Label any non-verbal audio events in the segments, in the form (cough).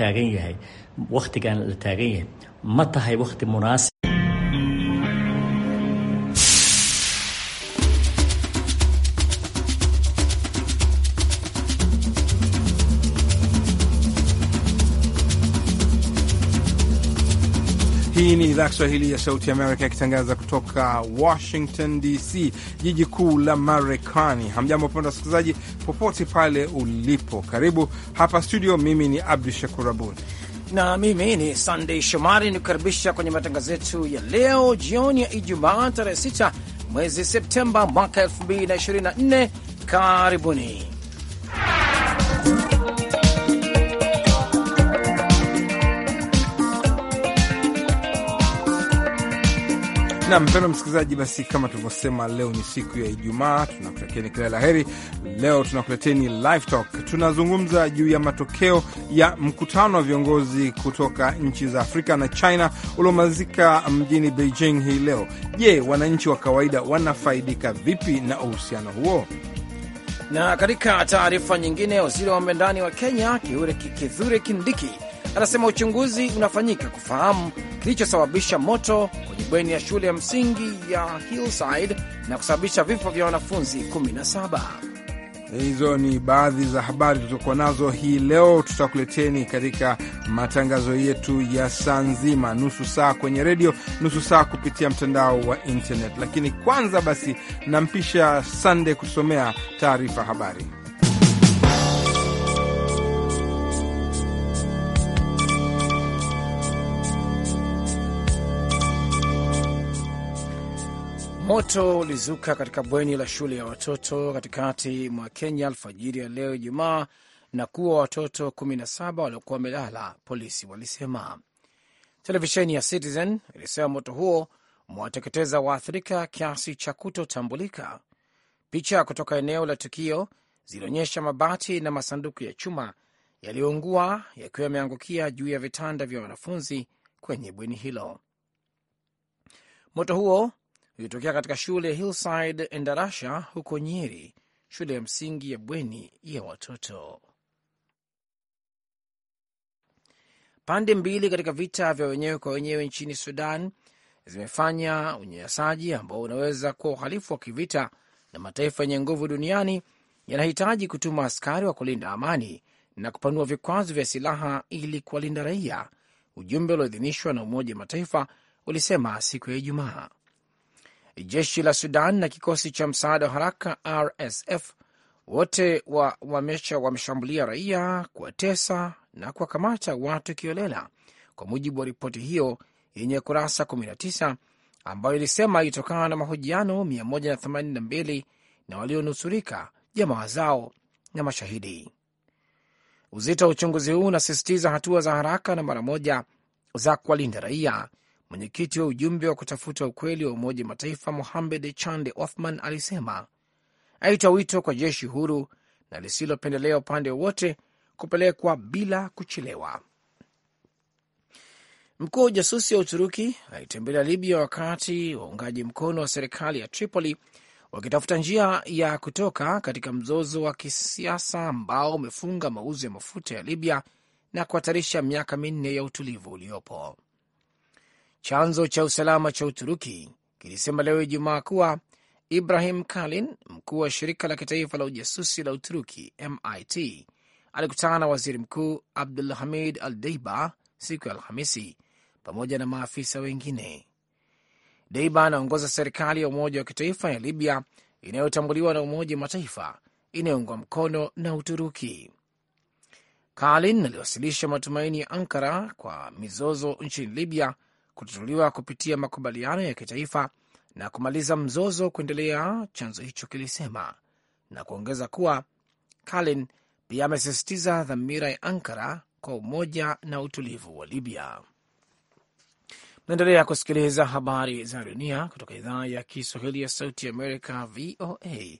taagan yahay wakhtigan la taagan yahay ma tahay wakhti munaasib Hii ni idhaa Kiswahili ya Sauti Amerika ikitangaza kutoka Washington DC, jiji kuu la Marekani. Hamjambo wapenda wasikilizaji, popote pale ulipo, karibu hapa studio. Mimi ni Abdu Shakur Abud na mimi ni Sandey Shomari, nikukaribisha kwenye matangazo yetu ya leo jioni ya Ijumaa tarehe 6 mwezi Septemba mwaka 2024. Karibuni na mpendo msikilizaji, basi kama tulivyosema, leo ni siku ya Ijumaa, tunakuleteni kila la heri. Leo tunakuleteni live talk, tunazungumza juu ya matokeo ya mkutano wa viongozi kutoka nchi za Afrika na China uliomalizika mjini Beijing hii leo. Je, wananchi wa kawaida wanafaidika vipi na uhusiano huo? Na katika taarifa nyingine, waziri wa mambo ya ndani wa Kenya Kithure Kindiki anasema uchunguzi unafanyika kufahamu kilichosababisha moto kwenye bweni ya shule ya msingi ya Hillside na kusababisha vifo vya wanafunzi 17. Hizo ni baadhi za habari tulizokuwa nazo hii leo. Tutakuleteni katika matangazo yetu ya saa nzima, nusu saa kwenye redio, nusu saa kupitia mtandao wa internet. Lakini kwanza basi, nampisha Sande kusomea taarifa habari. Moto ulizuka katika bweni la shule ya watoto katikati mwa Kenya alfajiri ya leo Ijumaa na kuwa watoto 17 waliokuwa wamelala, polisi walisema. Televisheni ya Citizen ilisema moto huo umewateketeza waathirika kiasi cha kutotambulika. Picha kutoka eneo la tukio zilionyesha mabati na masanduku ya chuma yaliyoungua yakiwa yameangukia juu ya vitanda vya wanafunzi kwenye bweni hilo. Moto huo ilitokea katika shule ya Hillside Endarasha huko Nyeri, shule ya msingi ya bweni ya watoto. Pande mbili katika vita vya wenyewe kwa wenyewe nchini Sudan zimefanya unyanyasaji ambao unaweza kuwa uhalifu wa kivita, na mataifa yenye nguvu duniani yanahitaji kutuma askari wa kulinda amani na kupanua vikwazo vya silaha ili kuwalinda raia, ujumbe ulioidhinishwa na Umoja wa Mataifa ulisema siku ya Ijumaa jeshi la Sudan na kikosi cha msaada wa haraka RSF wote wameshambulia raia, kuwatesa na kuwakamata watu kiolela, kwa mujibu wa ripoti hiyo yenye kurasa 19 ambayo ilisema ilitokana na mahojiano 182 na walionusurika, jamaa zao na mashahidi. Uzito wa uchunguzi huu unasisitiza hatua za haraka na mara moja za kuwalinda raia, mwenyekiti wa ujumbe wa kutafuta ukweli wa Umoja Mataifa Mohamed Chande Othman alisema aita wito kwa jeshi huru na lisilopendelea upande wowote kupelekwa bila kuchelewa. Mkuu wa ujasusi wa Uturuki alitembelea Libya wakati waungaji mkono wa serikali ya Tripoli wakitafuta njia ya kutoka katika mzozo wa kisiasa ambao umefunga mauzo ya mafuta ya Libya na kuhatarisha miaka minne ya utulivu uliopo. Chanzo cha usalama cha Uturuki kilisema leo Ijumaa kuwa Ibrahim Kalin, mkuu wa shirika la kitaifa la ujasusi la Uturuki MIT, alikutana na waziri mkuu Abdul Hamid Al Deiba siku ya Alhamisi pamoja na maafisa wengine. Deiba anaongoza serikali ya umoja wa kitaifa ya Libya inayotambuliwa na Umoja wa Mataifa inayoungwa mkono na Uturuki. Kalin aliwasilisha matumaini ya Ankara kwa mizozo nchini Libya kutatuliwa kupitia makubaliano ya kitaifa na kumaliza mzozo kuendelea, chanzo hicho kilisema, na kuongeza kuwa Kalin pia amesisitiza dhamira ya Ankara kwa umoja na utulivu wa Libya. Naendelea kusikiliza habari za dunia kutoka idhaa ya Kiswahili ya Sauti Amerika, VOA,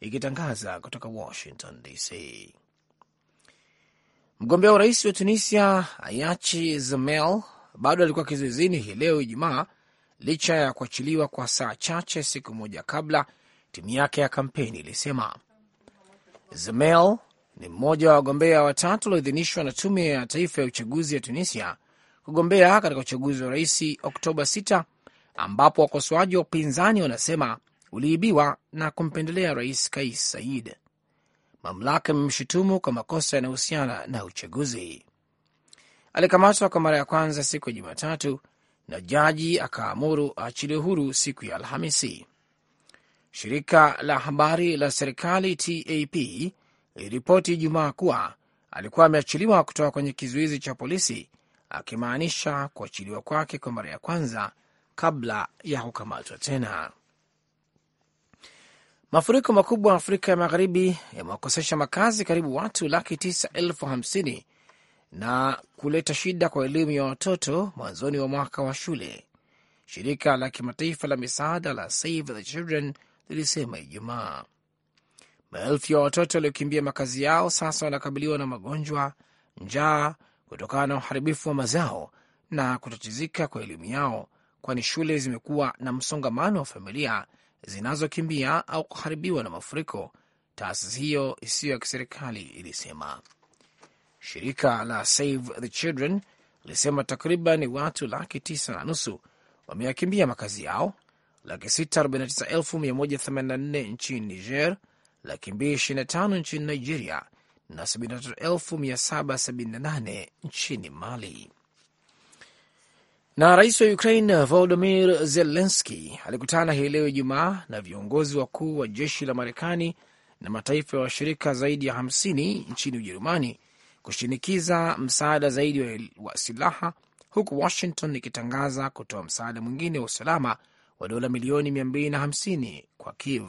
ikitangaza kutoka Washington DC. Mgombea wa urais wa Tunisia Ayachi Zemel bado alikuwa kizuizini hii leo Ijumaa, licha ya kuachiliwa kwa saa chache siku moja kabla, timu yake ya kampeni ilisema. Zemel ni mmoja wa wagombea watatu walioidhinishwa na tume ya taifa ya uchaguzi ya Tunisia kugombea katika uchaguzi wa rais Oktoba 6 ambapo wakosoaji wa upinzani wanasema uliibiwa na kumpendelea rais Kais said Mamlaka imemshutumu kwa makosa yanayohusiana na uchaguzi. Alikamatwa kwa mara ya kwanza siku ya Jumatatu na jaji akaamuru aachiliwe huru siku ya Alhamisi. Shirika la habari la serikali TAP liliripoti Ijumaa kuwa alikuwa ameachiliwa kutoka kwenye kizuizi cha polisi, akimaanisha kuachiliwa kwake kwa mara ya kwanza kabla ya kukamatwa tena. Mafuriko makubwa Afrika ya Magharibi yamewakosesha makazi karibu watu laki tisa elfu hamsini na kuleta shida kwa elimu ya watoto mwanzoni wa mwaka wa shule, shirika la kimataifa la misaada la Save the Children lilisema Ijumaa. Maelfu ya watoto waliokimbia makazi yao sasa wanakabiliwa na magonjwa, njaa kutokana na uharibifu wa mazao na kutatizika kwa elimu yao, kwani shule zimekuwa na msongamano wa familia zinazokimbia au kuharibiwa na mafuriko, taasisi hiyo isiyo ya kiserikali ilisema. Shirika la Save the Children lilisema takriban watu laki tisa na nusu wameyakimbia makazi yao, laki sita arobaini na tisa elfu mia moja themanini na nne nchini Niger, laki mbili ishirini na tano nchini Nigeria na sabini na tatu elfu mia saba sabini na nane nchini Mali. Na rais wa Ukraine Volodimir Zelenski alikutana hii leo Ijumaa na viongozi wakuu wa jeshi la Marekani na mataifa ya wa washirika zaidi ya hamsini nchini Ujerumani kushinikiza msaada zaidi wa silaha, huku Washington ikitangaza kutoa msaada mwingine wa usalama wa dola milioni 250 kwa Kiev.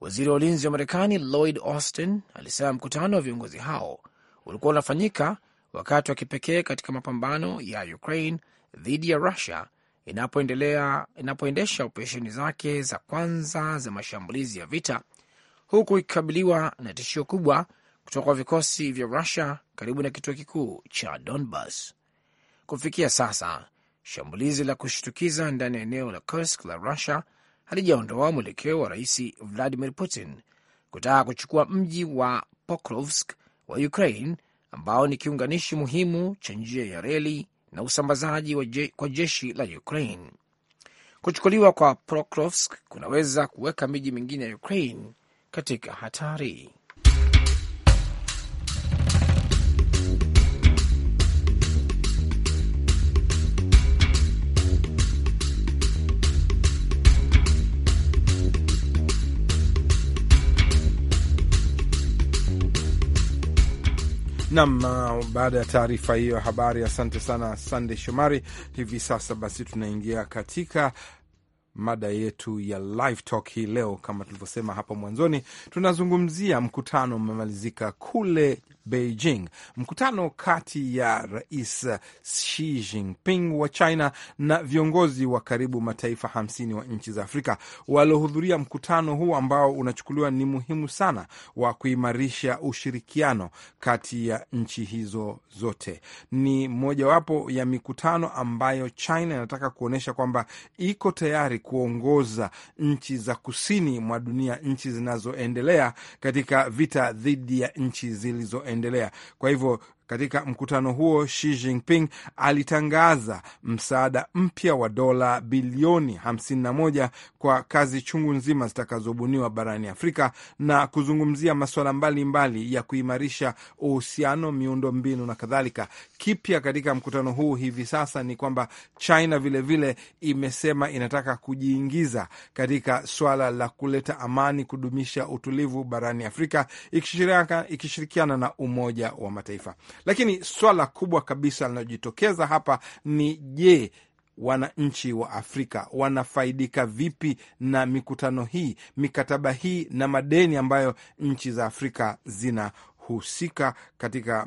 Waziri wa ulinzi wa Marekani Lloyd Austin alisema mkutano wa viongozi hao ulikuwa unafanyika wakati wa kipekee katika mapambano ya Ukraine dhidi ya Russia inapoendelea inapoendesha operesheni zake za kwanza za mashambulizi ya vita huku ikikabiliwa na tishio kubwa kutoka kwa vikosi vya Rusia karibu na kituo kikuu cha Donbas. Kufikia sasa, shambulizi la kushtukiza ndani ya eneo la Kursk la Rusia halijaondoa mwelekeo wa Rais Vladimir Putin kutaka kuchukua mji wa Pokrovsk wa Ukraine ambao ni kiunganishi muhimu cha njia ya reli na usambazaji je, kwa jeshi la Ukraine. Kuchukuliwa kwa Pokrovsk kunaweza kuweka miji mingine ya Ukraine katika hatari. Nam, uh, baada ya taarifa hiyo habari. Asante sana Sande Shomari. Hivi sasa basi, tunaingia katika mada yetu ya live talk hii leo. Kama tulivyosema hapo mwanzoni, tunazungumzia mkutano umemalizika kule Beijing, mkutano kati ya Rais Xi Jinping wa China na viongozi wa karibu mataifa hamsini wa nchi za Afrika waliohudhuria mkutano huu ambao unachukuliwa ni muhimu sana wa kuimarisha ushirikiano kati ya nchi hizo zote. Ni mojawapo ya mikutano ambayo China inataka kuonyesha kwamba iko tayari kuongoza nchi za kusini mwa dunia, nchi zinazoendelea katika vita dhidi ya nchi zilizoendelea unaendelea. Kwa hivyo katika mkutano huo Xi Jinping alitangaza msaada mpya wa dola bilioni 51 kwa kazi chungu nzima zitakazobuniwa barani Afrika na kuzungumzia masuala mbalimbali ya kuimarisha uhusiano, miundo mbinu na kadhalika. Kipya katika mkutano huu hivi sasa ni kwamba China vilevile vile imesema inataka kujiingiza katika swala la kuleta amani, kudumisha utulivu barani Afrika ikishirikiana na Umoja wa Mataifa. Lakini swala kubwa kabisa linalojitokeza hapa ni je, wananchi wa Afrika wanafaidika vipi na mikutano hii, mikataba hii na madeni ambayo nchi za Afrika zina husika katika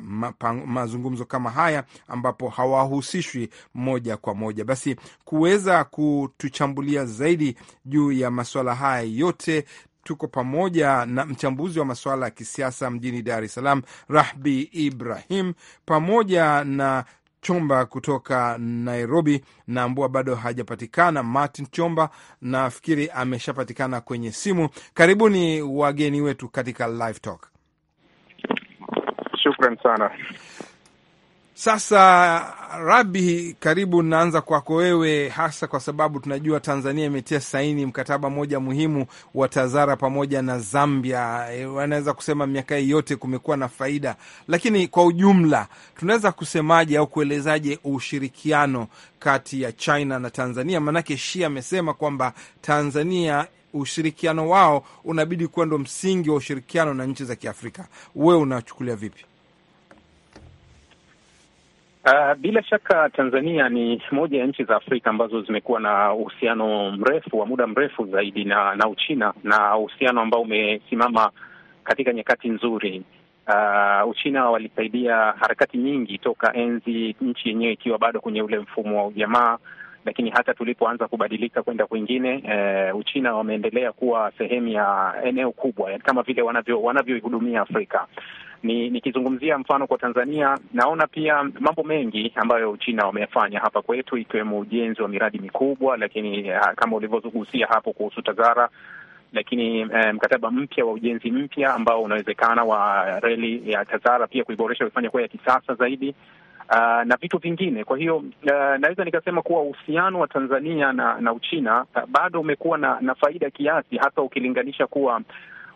mazungumzo kama haya ambapo hawahusishwi moja kwa moja. Basi kuweza kutuchambulia zaidi juu ya masuala haya yote, tuko pamoja na mchambuzi wa masuala ya kisiasa mjini Dar es Salaam, Rahbi Ibrahim, pamoja na Chomba kutoka Nairobi na ambua bado hajapatikana, Martin Chomba nafikiri ameshapatikana kwenye simu. Karibuni wageni wetu katika Live Talk. Shukran sana. Sasa Rabi, karibu naanza kwako wewe, hasa kwa sababu tunajua Tanzania imetia saini mkataba moja muhimu wa TAZARA pamoja na Zambia. E, wanaweza kusema miaka hii yote kumekuwa na faida, lakini kwa ujumla tunaweza kusemaje au kuelezaje ushirikiano kati ya China na Tanzania? Maanake shi amesema kwamba Tanzania ushirikiano wao unabidi kuwa ndo msingi wa ushirikiano na nchi za Kiafrika. Wewe unachukulia vipi? Uh, bila shaka Tanzania ni moja ya nchi za Afrika ambazo zimekuwa na uhusiano mrefu wa muda mrefu zaidi na, na Uchina na uhusiano ambao umesimama katika nyakati nzuri. Uh, Uchina walisaidia harakati nyingi toka enzi nchi yenyewe ikiwa bado kwenye ule mfumo wa ujamaa, lakini hata tulipoanza kubadilika kwenda kwingine, uh, Uchina wameendelea kuwa sehemu ya eneo kubwa, kama vile wanavyo wanavyoihudumia Afrika. Nikizungumzia ni mfano kwa Tanzania, naona pia mambo mengi ambayo Uchina wameyafanya hapa kwetu, ikiwemo ujenzi wa miradi mikubwa, lakini eh, kama ulivyozugusia hapo kuhusu TAZARA lakini eh, mkataba mpya wa ujenzi mpya ambao unawezekana wa reli ya TAZARA pia kuiboresha kuifanya kuwa ya kisasa zaidi, uh, na vitu vingine. Kwa hiyo uh, naweza nikasema kuwa uhusiano wa Tanzania na, na Uchina uh, bado umekuwa na, na faida kiasi, hasa ukilinganisha kuwa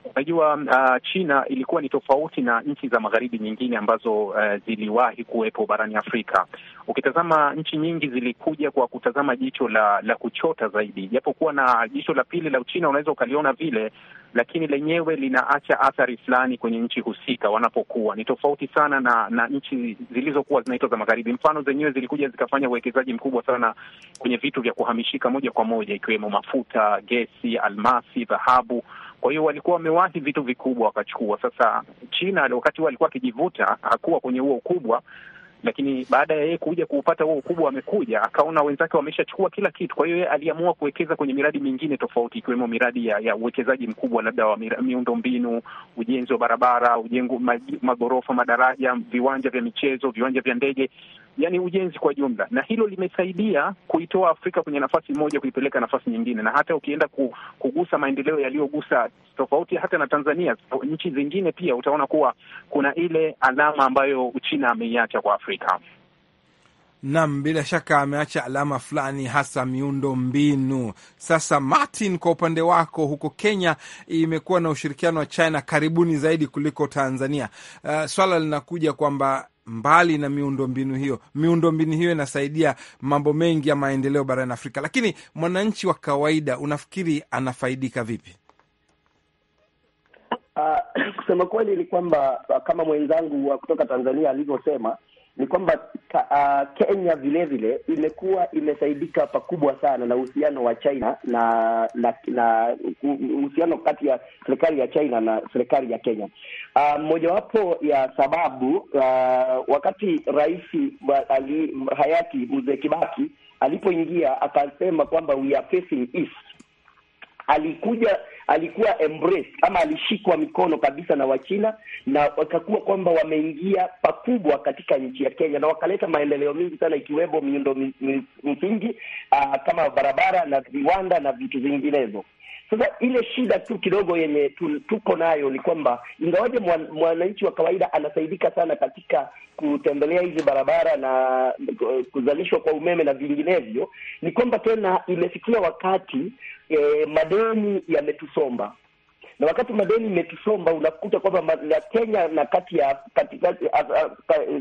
Unajua, uh, China ilikuwa ni tofauti na nchi za magharibi nyingine ambazo uh, ziliwahi kuwepo barani Afrika. Ukitazama nchi nyingi zilikuja kwa kutazama jicho la la kuchota zaidi, japokuwa na jicho la pili la Uchina unaweza ukaliona vile, lakini lenyewe linaacha athari fulani kwenye nchi husika wanapokuwa. Ni tofauti sana na na nchi zilizokuwa zinaitwa za magharibi. Mfano, zenyewe zilikuja zikafanya uwekezaji mkubwa sana kwenye vitu vya kuhamishika moja kwa moja, ikiwemo mafuta, gesi, almasi, dhahabu kwa hiyo walikuwa wamewahi vitu vikubwa wakachukua. Sasa China wakati huo alikuwa akijivuta, hakuwa kwenye huo ukubwa, lakini baada ya yeye kuja kuupata huo ukubwa amekuja akaona wenzake wameshachukua kila kitu. Kwa hiyo yeye aliamua kuwekeza kwenye miradi mingine tofauti, ikiwemo miradi ya, ya uwekezaji mkubwa labda wa miundo mbinu, ujenzi wa barabara, ujengo, magorofa, madaraja, viwanja vya michezo, viwanja vya ndege yani ujenzi kwa jumla, na hilo limesaidia kuitoa Afrika kwenye nafasi moja kuipeleka nafasi nyingine, na hata ukienda kugusa maendeleo yaliyogusa tofauti hata na Tanzania, nchi zingine pia utaona kuwa kuna ile alama ambayo Uchina ameiacha kwa Afrika. Nam, bila shaka ameacha alama fulani, hasa miundo mbinu. Sasa Martin, kwa upande wako huko Kenya imekuwa na ushirikiano wa China karibuni zaidi kuliko Tanzania. Uh, swala linakuja kwamba mbali na miundombinu hiyo, miundombinu hiyo inasaidia mambo mengi ya maendeleo barani Afrika. Lakini mwananchi wa kawaida, unafikiri anafaidika vipi? Uh, (clears throat) kusema kweli ni kwamba ah, kama mwenzangu kutoka Tanzania alivyosema ni kwamba uh, Kenya vilevile imekuwa imesaidika pakubwa sana na uhusiano wa China na na na uhusiano kati ya serikali ya China na serikali ya Kenya. Uh, mojawapo ya sababu uh, wakati rais hayati Mzee Kibaki alipoingia akasema kwamba we are facing east, alikuja alikuwa embrace, ama alishikwa mikono kabisa na Wachina na wakakuwa kwamba wameingia pakubwa katika nchi ya Kenya na wakaleta maendeleo mingi sana ikiwemo miundo msingi ah, kama barabara na viwanda na vitu vinginezo. Sasa ile shida tu kidogo yenye tu, tuko nayo ni kwamba ingawaje mwananchi wa kawaida anasaidika sana katika kutembelea hizi barabara na eh, kuzalishwa kwa umeme na vinginevyo, ni kwamba tena imefikia wakati e, madeni yametusomba na wakati madeni imetusomba unakuta kwamba ya Kenya na kati ya katika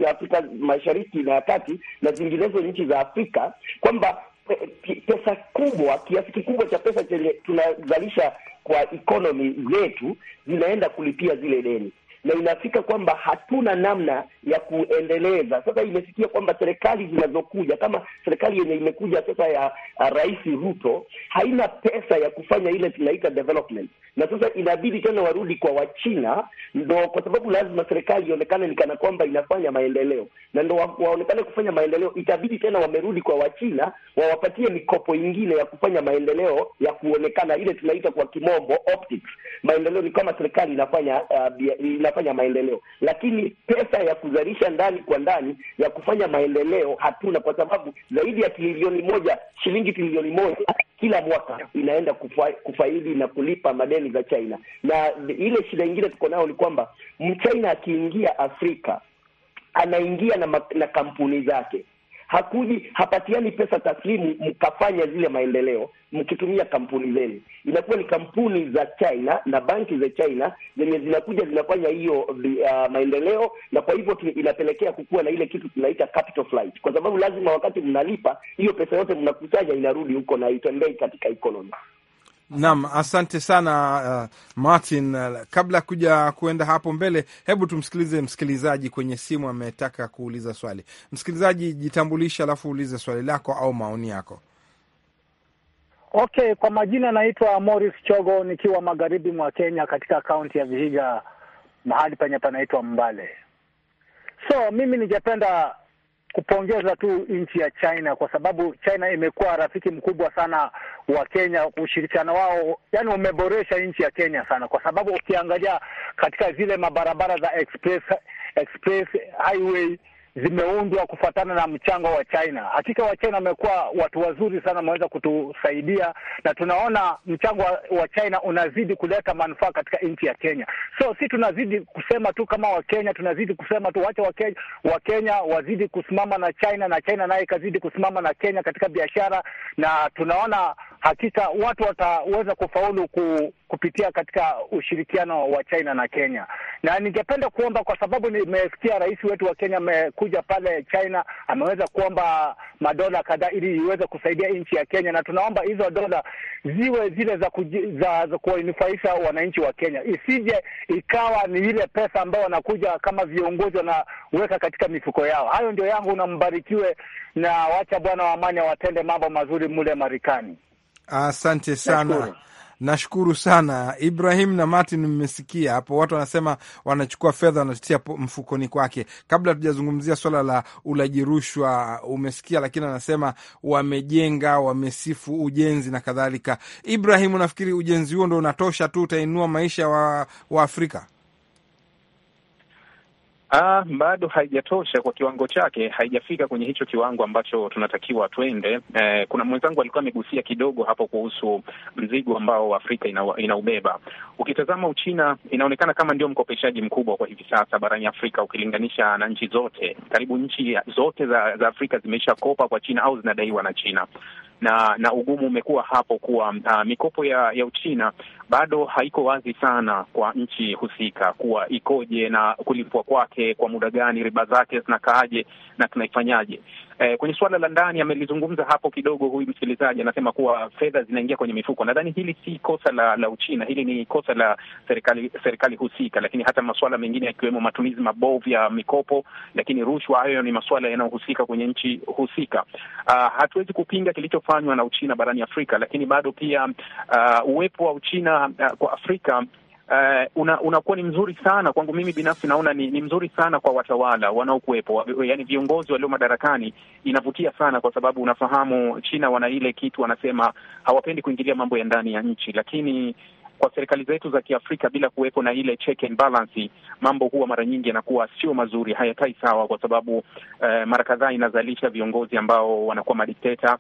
Afrika Mashariki na ya kati na zinginezo nchi za Afrika, kwamba Eh, pesa kubwa, kiasi kikubwa cha pesa chenye tunazalisha kwa ikonomi zetu zinaenda kulipia zile deni na inafika kwamba hatuna namna ya kuendeleza. Sasa imefikia kwamba serikali zinazokuja kama serikali yenye imekuja sasa ya Rais Ruto haina pesa ya kufanya ile tunaita development, na sasa inabidi tena warudi kwa Wachina ndo, kwa sababu lazima serikali ionekane ni kana kwamba inafanya maendeleo na ndo wa, waonekane kufanya maendeleo, itabidi tena wamerudi kwa Wachina wawapatie mikopo ingine ya kufanya maendeleo ya kuonekana, ile tunaita kwa kimombo optics. Maendeleo ni kama serikali inafanya uh, bia, ina tutafanya maendeleo, lakini pesa ya kuzalisha ndani kwa ndani ya kufanya maendeleo hatuna, kwa sababu zaidi ya trilioni moja, shilingi trilioni moja kila mwaka inaenda kufa, kufaidi na kulipa madeni za China. Na ile shida ingine tuko nayo ni kwamba mchina akiingia Afrika anaingia na, na kampuni zake hakuji hapatiani pesa taslimu mkafanya zile maendeleo mkitumia kampuni zenu. Inakuwa ni kampuni za China na banki za China zenye zinakuja zinafanya hiyo uh, maendeleo, na kwa hivyo inapelekea kukuwa na ile kitu tunaita capital flight, kwa sababu lazima wakati mnalipa hiyo pesa yote mnakusanya inarudi huko na itembei katika economy. Naam, asante sana uh, Martin. Uh, kabla ya kuja kuenda hapo mbele, hebu tumsikilize msikilizaji kwenye simu, ametaka kuuliza swali. Msikilizaji, jitambulishe alafu uulize swali lako au maoni yako. Okay, kwa majina naitwa Morris Chogo, nikiwa magharibi mwa Kenya, katika kaunti ya Vihiga, mahali penye panaitwa Mbale. So mimi ningependa kupongeza tu nchi ya China kwa sababu China imekuwa rafiki mkubwa sana wa Kenya. Ushirikiano wao yani umeboresha nchi ya Kenya sana, kwa sababu ukiangalia katika zile mabarabara za express, express highway zimeundwa kufuatana na mchango wa China. Hakika wa China wamekuwa watu wazuri sana, wameweza kutusaidia na tunaona mchango wa China unazidi kuleta manufaa katika nchi ya Kenya. So si tunazidi kusema tu kama Wakenya, tunazidi kusema tu wacha Wakenya, Wakenya wazidi kusimama na China na China naye ikazidi kusimama na Kenya katika biashara, na tunaona hakika watu wataweza kufaulu ku, kupitia katika ushirikiano wa China na Kenya. Na ningependa kuomba kwa sababu nimesikia rais wetu wa Kenya amekuja pale China, ameweza kuomba madola kadhaa ili iweze kusaidia nchi ya Kenya, na tunaomba hizo dola ziwe zile za, za, za kuwanufaisha wananchi wa Kenya, isije ikawa ni ile pesa ambayo wanakuja kama viongozi wanaweka katika mifuko yao. Hayo ndio yangu, nambarikiwe na wacha Bwana wa amani awatende mambo mazuri mule Marekani. Asante sana Nashukuru. sana Ibrahim na Martin, mmesikia hapo watu wanasema wanachukua fedha wanatia mfukoni kwake. Kabla tujazungumzia swala la ulaji rushwa, umesikia, lakini anasema wamejenga, wamesifu ujenzi na kadhalika. Ibrahim, unafikiri ujenzi huo ndo unatosha tu utainua maisha wa, wa Afrika? Ah, bado haijatosha kwa kiwango chake, haijafika kwenye hicho kiwango ambacho tunatakiwa twende. Eh, kuna mwenzangu alikuwa amegusia kidogo hapo kuhusu mzigo ambao Afrika ina, inaubeba. Ukitazama Uchina inaonekana kama ndio mkopeshaji mkubwa kwa hivi sasa barani Afrika ukilinganisha na nchi zote, karibu nchi zote za, za Afrika zimeisha kopa kwa China au zinadaiwa na China na na ugumu umekuwa hapo kuwa uh, mikopo ya, ya Uchina bado haiko wazi sana kwa nchi husika kuwa ikoje na kulipwa kwake zake kwa muda gani, riba zake zinakaaje na tunaifanyaje. E, kwenye suala la ndani amelizungumza hapo kidogo huyu msikilizaji, anasema kuwa fedha zinaingia kwenye mifuko. Nadhani hili si kosa la, la Uchina, hili ni kosa la serikali serikali husika, lakini hata masuala mengine yakiwemo matumizi mabovu ya mikopo, lakini rushwa, hayo ni masuala yanayohusika kwenye nchi husika. Uh, hatuwezi kupinga kilichofanywa na Uchina barani Afrika, lakini bado pia uh, uwepo wa Uchina uh, kwa Afrika uh, unakuwa una ni mzuri sana kwangu mimi binafsi, naona ni, ni mzuri sana kwa watawala wanaokuwepo, yaani viongozi walio madarakani. Inavutia sana kwa sababu unafahamu China wana ile kitu wanasema hawapendi kuingilia mambo ya ndani ya nchi, lakini kwa serikali zetu za Kiafrika bila kuwepo na ile check and balance, mambo huwa mara nyingi yanakuwa sio mazuri, hayakai sawa, kwa sababu uh, mara kadhaa inazalisha viongozi ambao wanakuwa madikteta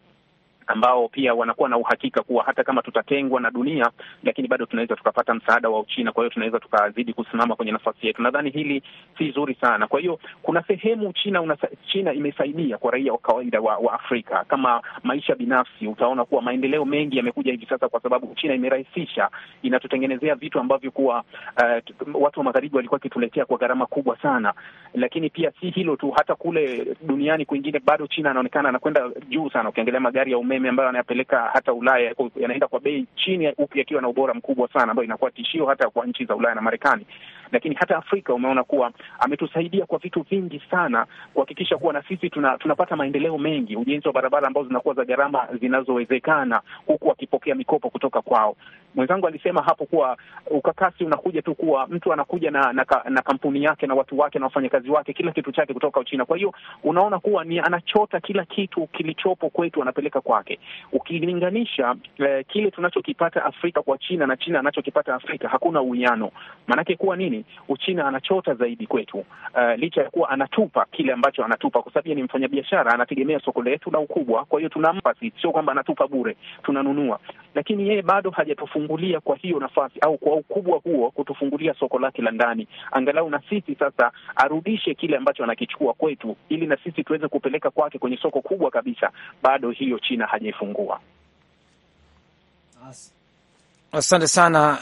ambao pia wanakuwa na uhakika kuwa hata kama tutatengwa na dunia, lakini bado tunaweza tukapata msaada wa Uchina. Kwa hiyo tunaweza tukazidi kusimama kwenye nafasi yetu. Nadhani hili si zuri sana. Kwa hiyo kuna sehemu China unasa, China imesaidia kwa raia wa kawaida wa, wa Afrika kama maisha binafsi. Utaona kuwa maendeleo mengi yamekuja hivi sasa kwa sababu China imerahisisha, inatutengenezea vitu ambavyo kuwa uh, watu wa magharibi walikuwa wakituletea kwa gharama kubwa sana. Lakini pia si hilo tu, hata kule duniani kwingine bado China anaonekana anakwenda juu sana, ukiangalia magari ya ume umeme ambayo anayapeleka hata Ulaya yanaenda kwa bei chini, huku yakiwa na ubora mkubwa sana, ambayo inakuwa tishio hata kwa nchi za Ulaya na Marekani. Lakini hata Afrika umeona kuwa ametusaidia kwa vitu vingi sana kuhakikisha kuwa na sisi tuna, tunapata maendeleo mengi, ujenzi wa barabara ambazo zinakuwa za gharama zinazowezekana, huku akipokea mikopo kutoka kwao. Mwenzangu alisema hapo kuwa ukakasi unakuja tu kuwa mtu anakuja na, na, na kampuni yake na watu wake na wafanyakazi wake, kila kitu chake kutoka Uchina. Kwa hiyo unaona kuwa ni anachota kila kitu kilichopo kwetu anapeleka kwa wake. Ukilinganisha eh, kile tunachokipata Afrika kwa China na China anachokipata Afrika, hakuna uwiano. Maanake kuwa nini? Uchina anachota zaidi kwetu, uh, licha ya kuwa anatupa kile ambacho anatupa, kwa sababu ni mfanyabiashara, anategemea soko letu la ukubwa. Kwa hiyo tunampa sisi, sio kwamba anatupa bure, tunanunua, lakini yeye bado hajatufungulia kwa hiyo nafasi au kwa ukubwa huo kutufungulia soko lake la ndani, angalau na sisi sasa arudishe kile ambacho anakichukua kwetu, ili na sisi tuweze kupeleka kwake kwenye soko kubwa kabisa. Bado hiyo China hajaifungua. Asante sana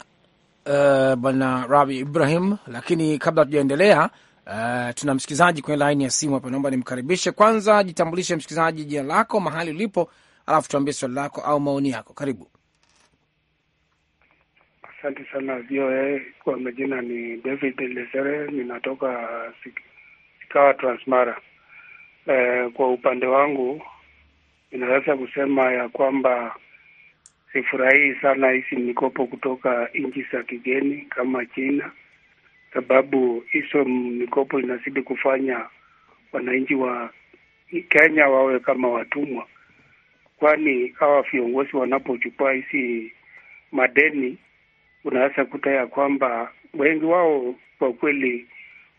uh, bwana Rabi Ibrahim. Lakini kabla tujaendelea, uh, tuna msikilizaji kwenye laini ya simu hapa, naomba nimkaribishe kwanza. Jitambulishe msikilizaji, jina lako, mahali ulipo, alafu tuambie swali lako au maoni yako. Karibu. Asante sana VOA. Kwa majina ni David Lesere, ninatoka Sikawa, Transmara. Eh, kwa upande wangu inaweza kusema ya kwamba sifurahii sana hizi mikopo kutoka nchi za kigeni kama China, sababu hizo mikopo inazidi kufanya wananchi wa Kenya wawe kama watumwa, kwani hawa viongozi wanapochukua hizi madeni unaweza kuta ya kwamba wengi wao kwa kweli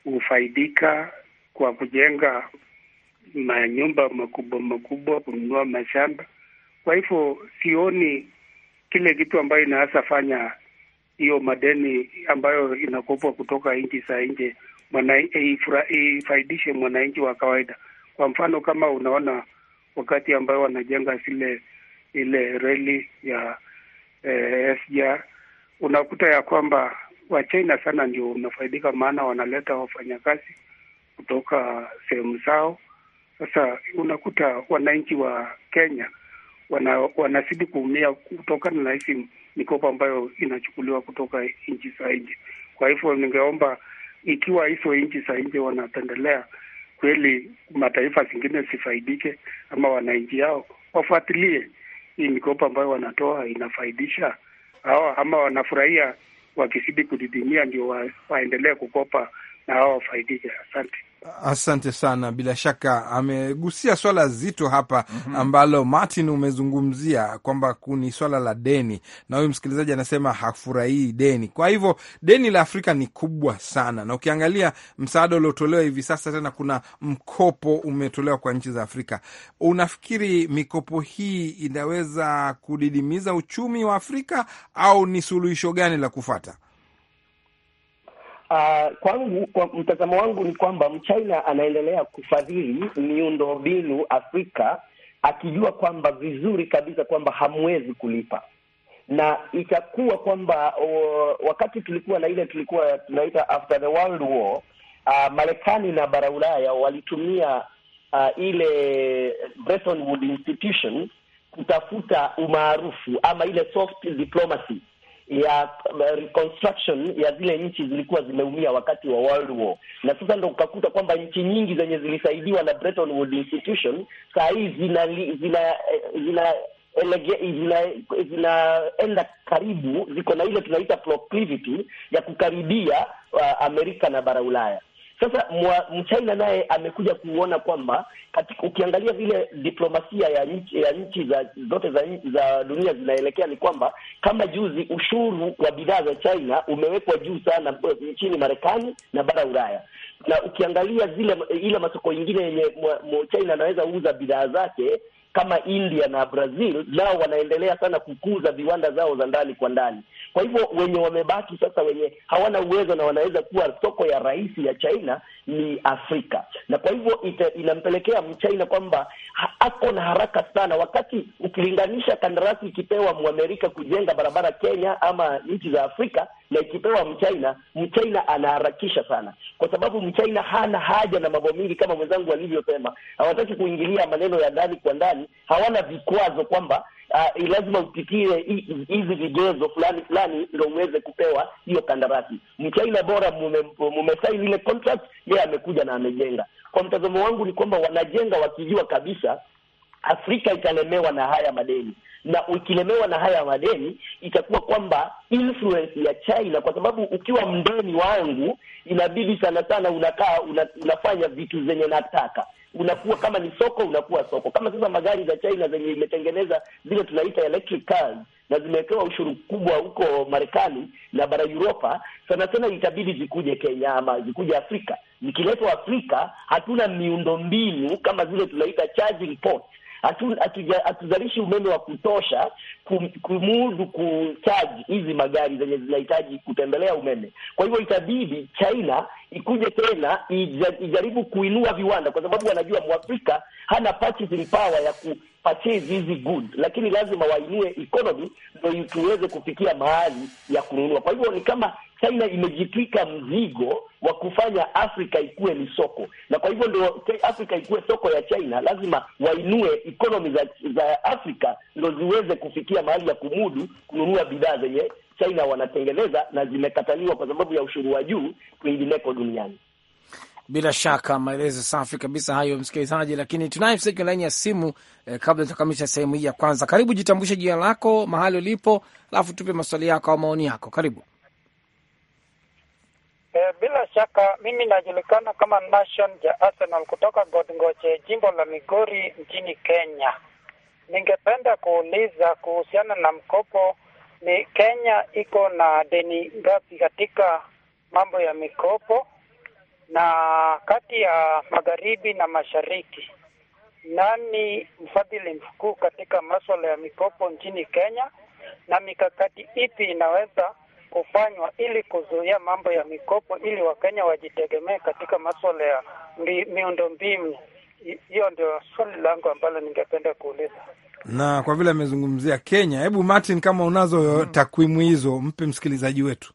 hufaidika kwa kujenga manyumba makubwa makubwa, kununua mashamba. Kwa hivyo sioni kile kitu ambayo inaweza fanya hiyo madeni ambayo inakopwa kutoka nchi za nje ifaidishe mwananchi wa kawaida. Kwa mfano kama unaona wakati ambayo wanajenga zile ile reli ya eh, SGR unakuta ya kwamba Wachina sana ndio unafaidika, maana wanaleta wafanyakazi kutoka sehemu zao sasa unakuta wananchi wa Kenya wana, wanazidi kuumia kutokana na hizi mikopo ambayo inachukuliwa kutoka nchi za nje. Kwa hivyo, ningeomba ikiwa hizo nchi za nje wanapendelea kweli, mataifa zingine zifaidike ama wananchi yao wafuatilie hii mikopo ambayo wanatoa inafaidisha hawa ama wanafurahia wakizidi kudidimia, ndio wa, waendelee kukopa na hawa wafaidike. Asante. Asante sana. Bila shaka amegusia swala zito hapa mm -hmm. ambalo Martin umezungumzia kwamba ni swala la deni, na huyu msikilizaji anasema hafurahii deni. Kwa hivyo deni la Afrika ni kubwa sana, na ukiangalia msaada uliotolewa hivi sasa, tena kuna mkopo umetolewa kwa nchi za Afrika. Unafikiri mikopo hii inaweza kudidimiza uchumi wa Afrika au ni suluhisho gani la kufata? Uh, kwangu kwa mtazamo wangu ni kwamba mchina anaendelea kufadhili miundo mbinu Afrika akijua kwamba vizuri kabisa kwamba hamwezi kulipa, na itakuwa kwamba wakati tulikuwa na ile tulikuwa tunaita after the world war uh, Marekani na bara Ulaya walitumia uh, ile Bretton Woods institution kutafuta umaarufu ama ile soft diplomacy ya reconstruction eh, ya zile nchi zilikuwa zimeumia wakati wa World War, na sasa ndo ukakuta kwamba nchi nyingi zenye zilisaidiwa na Bretton Woods Institution saa hii zina eh, zina zina zinaenda karibu, ziko na ile tunaita proclivity ya kukaribia eh, Amerika na bara Ulaya. Sasa mchina naye amekuja kuona kwamba katika, ukiangalia vile diplomasia ya nchi ya nchi za zote za, za dunia zinaelekea ni kwamba kama juzi ushuru wa bidhaa za China umewekwa juu sana nchini Marekani na bara Ulaya, na ukiangalia zile ile masoko ingine yenye China anaweza uza bidhaa zake kama India na Brazil nao wanaendelea sana kukuza viwanda zao za ndani kwa ndani. Kwa hivyo wenye wamebaki sasa, wenye hawana uwezo na wanaweza kuwa soko ya rahisi ya China ni Afrika, na kwa hivyo ita, inampelekea mchina kwamba ako na haraka sana, wakati ukilinganisha kandarasi ikipewa Mwamerika kujenga barabara Kenya ama nchi za Afrika na ikipewa Mchina, Mchina anaharakisha sana, kwa sababu Mchina hana haja na mambo mingi kama mwenzangu alivyosema. Hawataki kuingilia maneno ya ndani kwa ndani, hawana vikwazo kwamba uh, lazima upitie hizi vigezo fulani fulani ndio uweze kupewa hiyo kandarasi. Mchina bora mumesaini ile contract, yeye amekuja na amejenga. Kwa mtazamo wangu ni kwamba wanajenga wakijua kabisa Afrika italemewa na haya madeni na ukilemewa na haya madeni, itakuwa kwamba influence ya China, kwa sababu ukiwa mdeni wangu inabidi sana sana unakaa una, unafanya vitu zenye nataka unakuwa kama ni soko, unakuwa soko kama sasa magari za China zenye imetengeneza zile tunaita electric cars na zimewekewa ushuru kubwa huko Marekani na bara Europa, sana sana itabidi zikuje Kenya ama zikuje Afrika. Zikiletwa Afrika, hatuna miundo mbinu kama zile tunaita charging port hatuzalishi umeme wa kutosha kumudu kuchaji hizi magari zenye zinahitaji kutembelea umeme. Kwa hivyo itabidi China ikuje tena ijaribu kuinua viwanda, kwa sababu wanajua mwafrika hana purchasing power ya ku hizi good lakini lazima wainue economy ndio tuweze kufikia mahali ya kununua. Kwa hivyo ni kama China imejitwika mzigo wa kufanya Afrika ikuwe ni soko, na kwa hivyo ndio Afrika ikuwe soko ya China, lazima wainue ekonomi za, za Afrika ndo ziweze kufikia mahali ya kumudu kununua bidhaa zenye China wanatengeneza na zimekataliwa kwa sababu ya ushuru wa juu kwingineko duniani. Bila shaka maelezo safi kabisa hayo, msikilizaji. Lakini tunaye mseki laini ya simu eh, kabla tutakamilisha sehemu hii ya kwanza. Karibu, jitambushe jina lako, mahali ulipo, alafu tupe maswali yako au maoni yako. Karibu. E, bila shaka mimi najulikana kama Nation ya Arsenal kutoka Godgoche, jimbo la Migori nchini Kenya. Ningependa kuuliza kuhusiana na mkopo, ni Kenya iko na deni ngapi katika mambo ya mikopo, na kati ya magharibi na mashariki, nani mfadhili mkuu katika masuala ya mikopo nchini Kenya, na mikakati ipi inaweza kufanywa ili kuzuia mambo ya mikopo ili Wakenya wajitegemee katika masuala ya miundombinu. Hiyo ndio swali langu ambalo ningependa kuuliza. Na kwa vile amezungumzia Kenya, hebu Martin, kama unazo hmm, takwimu hizo mpe msikilizaji wetu.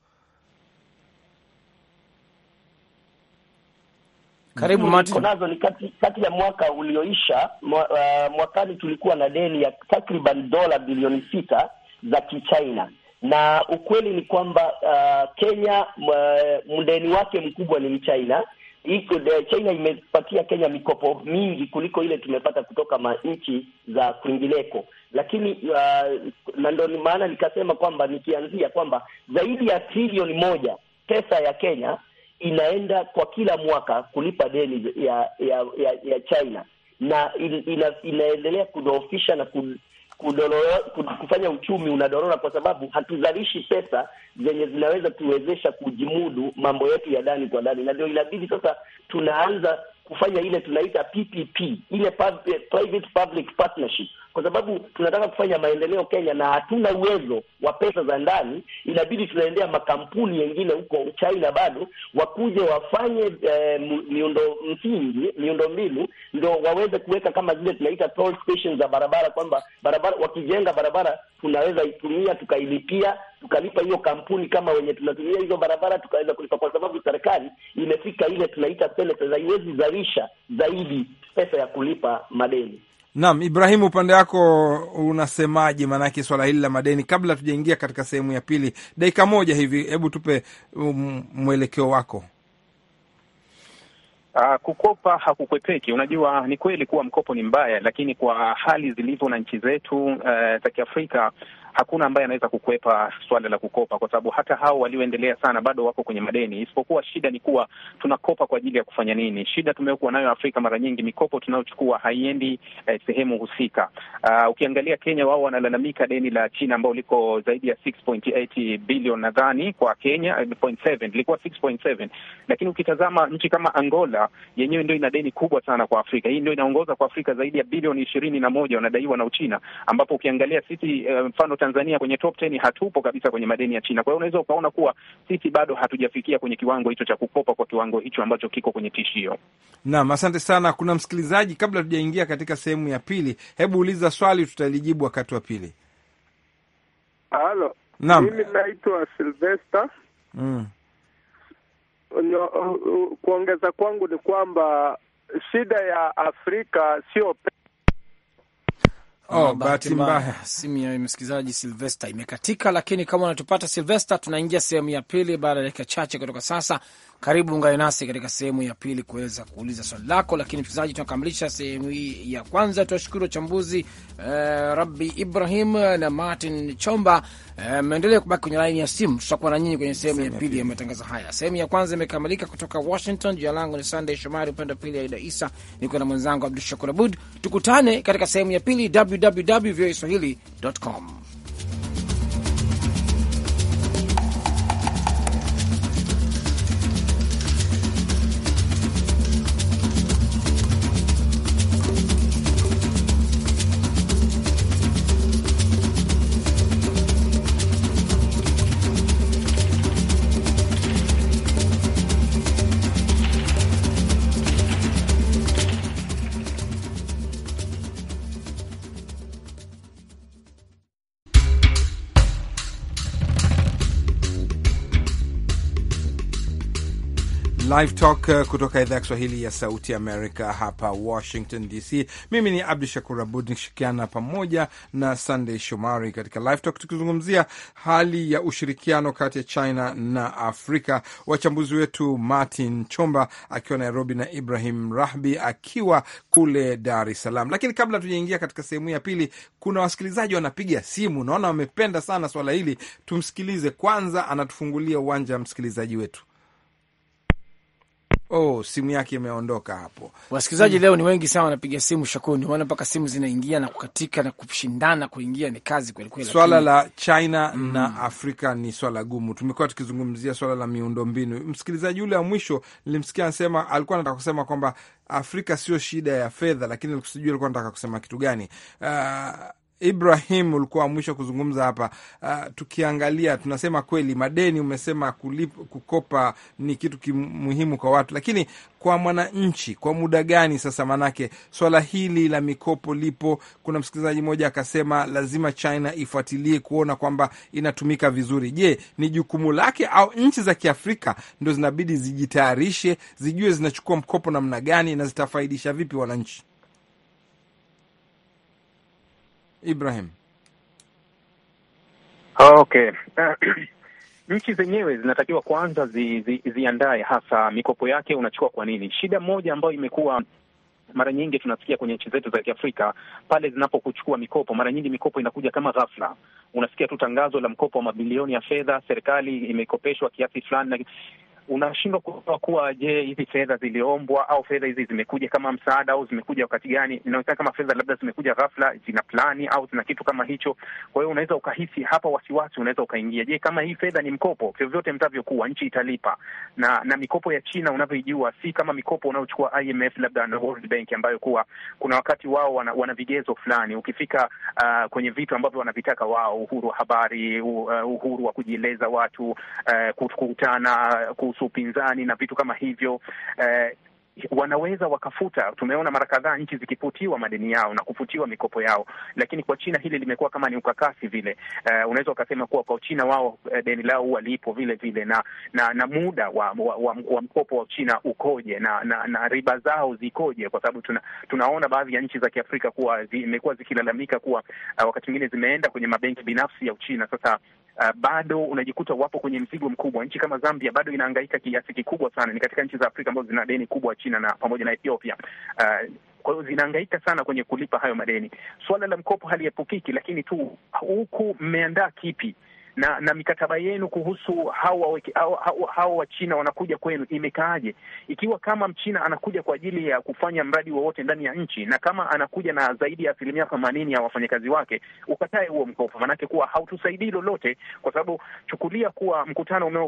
Karibu hmm. Martin. Kunazo ni kati, kati ya mwaka ulioisha uh, mwakani tulikuwa na deni ya takriban dola bilioni sita za Kichina na ukweli ni kwamba uh, Kenya uh, mdeni wake mkubwa ni Mchina. Uh, China imepatia Kenya mikopo mingi kuliko ile tumepata kutoka manchi za kwingineko, lakini uh, na ndio maana nikasema kwamba nikianzia kwamba zaidi ya trilioni moja pesa ya Kenya inaenda kwa kila mwaka kulipa deni ya ya ya, ya China na in, ina, inaendelea kudhoofisha na kudorora, kufanya uchumi unadorora kwa sababu hatuzalishi pesa zenye zinaweza tuwezesha kujimudu mambo yetu ya ndani kwa ndani, na ndio inabidi sasa tunaanza kufanya ile tunaita PPP, ile private public partnership kwa sababu tunataka kufanya maendeleo Kenya na hatuna uwezo wa pesa za ndani. Inabidi tunaendea makampuni yengine huko China bado wakuje wafanye eh, miundo msingi, miundo mbinu ndio waweze kuweka kama zile tunaita toll stations za barabara, kwamba barabara wakijenga barabara tunaweza itumia tukailipia tukalipa hiyo kampuni kama wenye tunatumia hizo barabara tukaweza kulipa, kwa sababu serikali imefika ile tunaita haiwezi zalisha zaidi pesa ya kulipa madeni. Naam, Ibrahimu, upande wako unasemaje? Maanake swala hili la madeni, kabla tujaingia katika sehemu ya pili, dakika moja hivi, hebu tupe um, mwelekeo wako. Uh, kukopa hakukwepeki. Unajua, ni kweli kuwa mkopo ni mbaya, lakini kwa hali zilivyo na nchi zetu uh, za Kiafrika hakuna ambaye anaweza kukwepa swala la kukopa, kwa sababu hata hao walioendelea sana bado wako kwenye madeni, isipokuwa shida ni kuwa tunakopa kwa ajili ya kufanya nini? Shida tumekuwa nayo Afrika mara nyingi, mikopo tunayochukua haiendi eh, sehemu husika. Uh, ukiangalia Kenya, wao wanalalamika deni la China ambao liko zaidi ya 6.8 bilioni nadhani kwa Kenya 7 ilikuwa 6.7, lakini ukitazama nchi kama Angola yenyewe ndio ina deni kubwa sana kwa Afrika. Hii ndio inaongoza kwa Afrika, zaidi ya bilioni ishirini na moja wanadaiwa na Uchina, ambapo ukiangalia sisi eh, mfano uh, Tanzania kwenye top 10 hatupo kabisa kwenye madeni ya China. Kwa hiyo unaweza ukaona kuwa sisi bado hatujafikia kwenye kiwango hicho cha kukopa kwa kiwango hicho ambacho kiko kwenye tishio. Naam, asante sana. Kuna msikilizaji, kabla tujaingia katika sehemu ya pili, hebu uliza swali, tutalijibu wakati wa pili. Halo, mimi naitwa mm. Uh, uh, kuongeza kwangu ni kwamba shida ya Afrika sio Oh, bahati mbaya simu ya msikilizaji Silvesta imekatika, lakini kama unatupata Silvesta, tunaingia sehemu ya pili baada ya dakika chache kutoka sasa. Karibu ungane nasi katika sehemu ya pili kuweza kuuliza swali lako, lakini msikilizaji, tunakamilisha sehemu hii ya kwanza. Tuwashukuru wachambuzi eh, Rabi Ibrahim na Martin Chomba. Eh, Mmeendelea uh, kubaki kwenye laini ya simu, tutakuwa na nyinyi kwenye sehemu ya pili ya matangazo haya. Sehemu ya kwanza imekamilika. Kutoka Washington, jina langu ni sandey Shomari, upande wa pili Aida Isa, niko na mwenzangu Abdu Shakur Abud. Tukutane katika sehemu ya pili, www voaswahili.com. Live Talk uh, kutoka idhaa ya Kiswahili ya Sauti Amerika hapa Washington DC. Mimi ni Abdu Shakur Abud nikishirikiana pamoja na Sandey Shomari katika Live Talk tukizungumzia hali ya ushirikiano kati ya China na Afrika. Wachambuzi wetu Martin Chomba akiwa Nairobi na Ibrahim Rahbi akiwa kule Dar es Salaam. Lakini kabla tujaingia katika sehemu ya pili, kuna wasikilizaji wanapiga simu, naona wamependa sana swala hili. Tumsikilize kwanza, anatufungulia uwanja msikilizaji wetu. Oh, simu yake imeondoka hapo. Wasikilizaji hmm, leo ni wengi sana wanapiga simu Shakuni, wana mpaka simu zinaingia na kukatika na kushindana kuingia, ni kazi kweli kweli. Swala la China hmm, na Afrika ni swala gumu. Tumekuwa tukizungumzia swala la miundombinu. Msikilizaji yule wa mwisho nilimsikia anasema, alikuwa anataka kusema kwamba Afrika sio shida ya fedha, lakini sijui alikuwa anataka kusema kitu gani. Uh, Ibrahim, ulikuwa wa mwisho kuzungumza hapa. Uh, tukiangalia tunasema kweli madeni, umesema kulip, kukopa ni kitu muhimu kwa watu, lakini kwa mwananchi kwa muda gani sasa? Maanake swala hili la mikopo lipo. Kuna msikilizaji mmoja akasema lazima China ifuatilie kuona kwamba inatumika vizuri. Je, ni jukumu lake au nchi za Kiafrika ndo zinabidi zijitayarishe, zijue zinachukua mkopo namna gani na zitafaidisha vipi wananchi? Ibrahim? Okay. (clears throat) Nchi zenyewe zinatakiwa kwanza zi, zi, ziandae hasa mikopo yake unachukua kwa nini. Shida moja ambayo imekuwa mara nyingi tunasikia kwenye nchi zetu za Kiafrika pale zinapokuchukua mikopo, mara nyingi mikopo inakuja kama ghafla. Unasikia tu tangazo la mkopo wa mabilioni ya fedha, serikali imekopeshwa kiasi fulani, unashindwa kuelewa kuwa je, hizi fedha ziliombwa au fedha hizi zimekuja kama msaada au zimekuja wakati gani? Inaonekana kama fedha labda zimekuja ghafla, zina plani au zina kitu kama hicho. Kwa hiyo unaweza ukahisi hapa wasiwasi, unaweza ukaingia. Je, kama hii fedha ni mkopo, vyovyote mtavyokuwa, nchi italipa. Na na mikopo ya China unavyoijua, si kama mikopo unayochukua IMF labda na World Bank, ambayo kuwa kuna wakati wao wana, wana vigezo fulani. Ukifika uh, kwenye vitu ambavyo wanavitaka wao, uhuru wa habari, uh, uhuru wa kujieleza watu, uh, kukutana uh, kuhusu kuhusu upinzani na vitu kama hivyo eh, wanaweza wakafuta. Tumeona mara kadhaa nchi zikifutiwa madeni yao na kufutiwa mikopo yao, lakini kwa China hili limekuwa kama ni ukakasi vile. Uh, unaweza ukasema kuwa kwa China wao eh, deni lao huwa lipo vile vile, na na, na muda wa, wa, wa, wa mkopo wa China ukoje na, na, na riba zao zikoje, kwa sababu tuna, tunaona baadhi ya nchi za Kiafrika kuwa zimekuwa zikilalamika kuwa uh, wakati mwingine zimeenda kwenye mabenki binafsi ya Uchina. Sasa uh, bado unajikuta wapo kwenye mzigo mkubwa. Nchi kama Zambia bado inahangaika kiasi kikubwa sana, ni katika nchi za Afrika ambazo zina deni kubwa China na pamoja na Ethiopia uh, kwa hiyo zinahangaika sana kwenye kulipa hayo madeni. Suala la mkopo haliepukiki, lakini tu huku mmeandaa kipi? na na mikataba yenu kuhusu hawa, hao Wachina wanakuja kwenu imekaaje? Ikiwa kama Mchina anakuja kwa ajili ya kufanya mradi wowote ndani ya nchi, na kama anakuja na zaidi ya asilimia themanini ya wafanyakazi wake, ukatae huo mkopo, maanake kuwa hautusaidii lolote, kwa sababu chukulia kuwa mkutano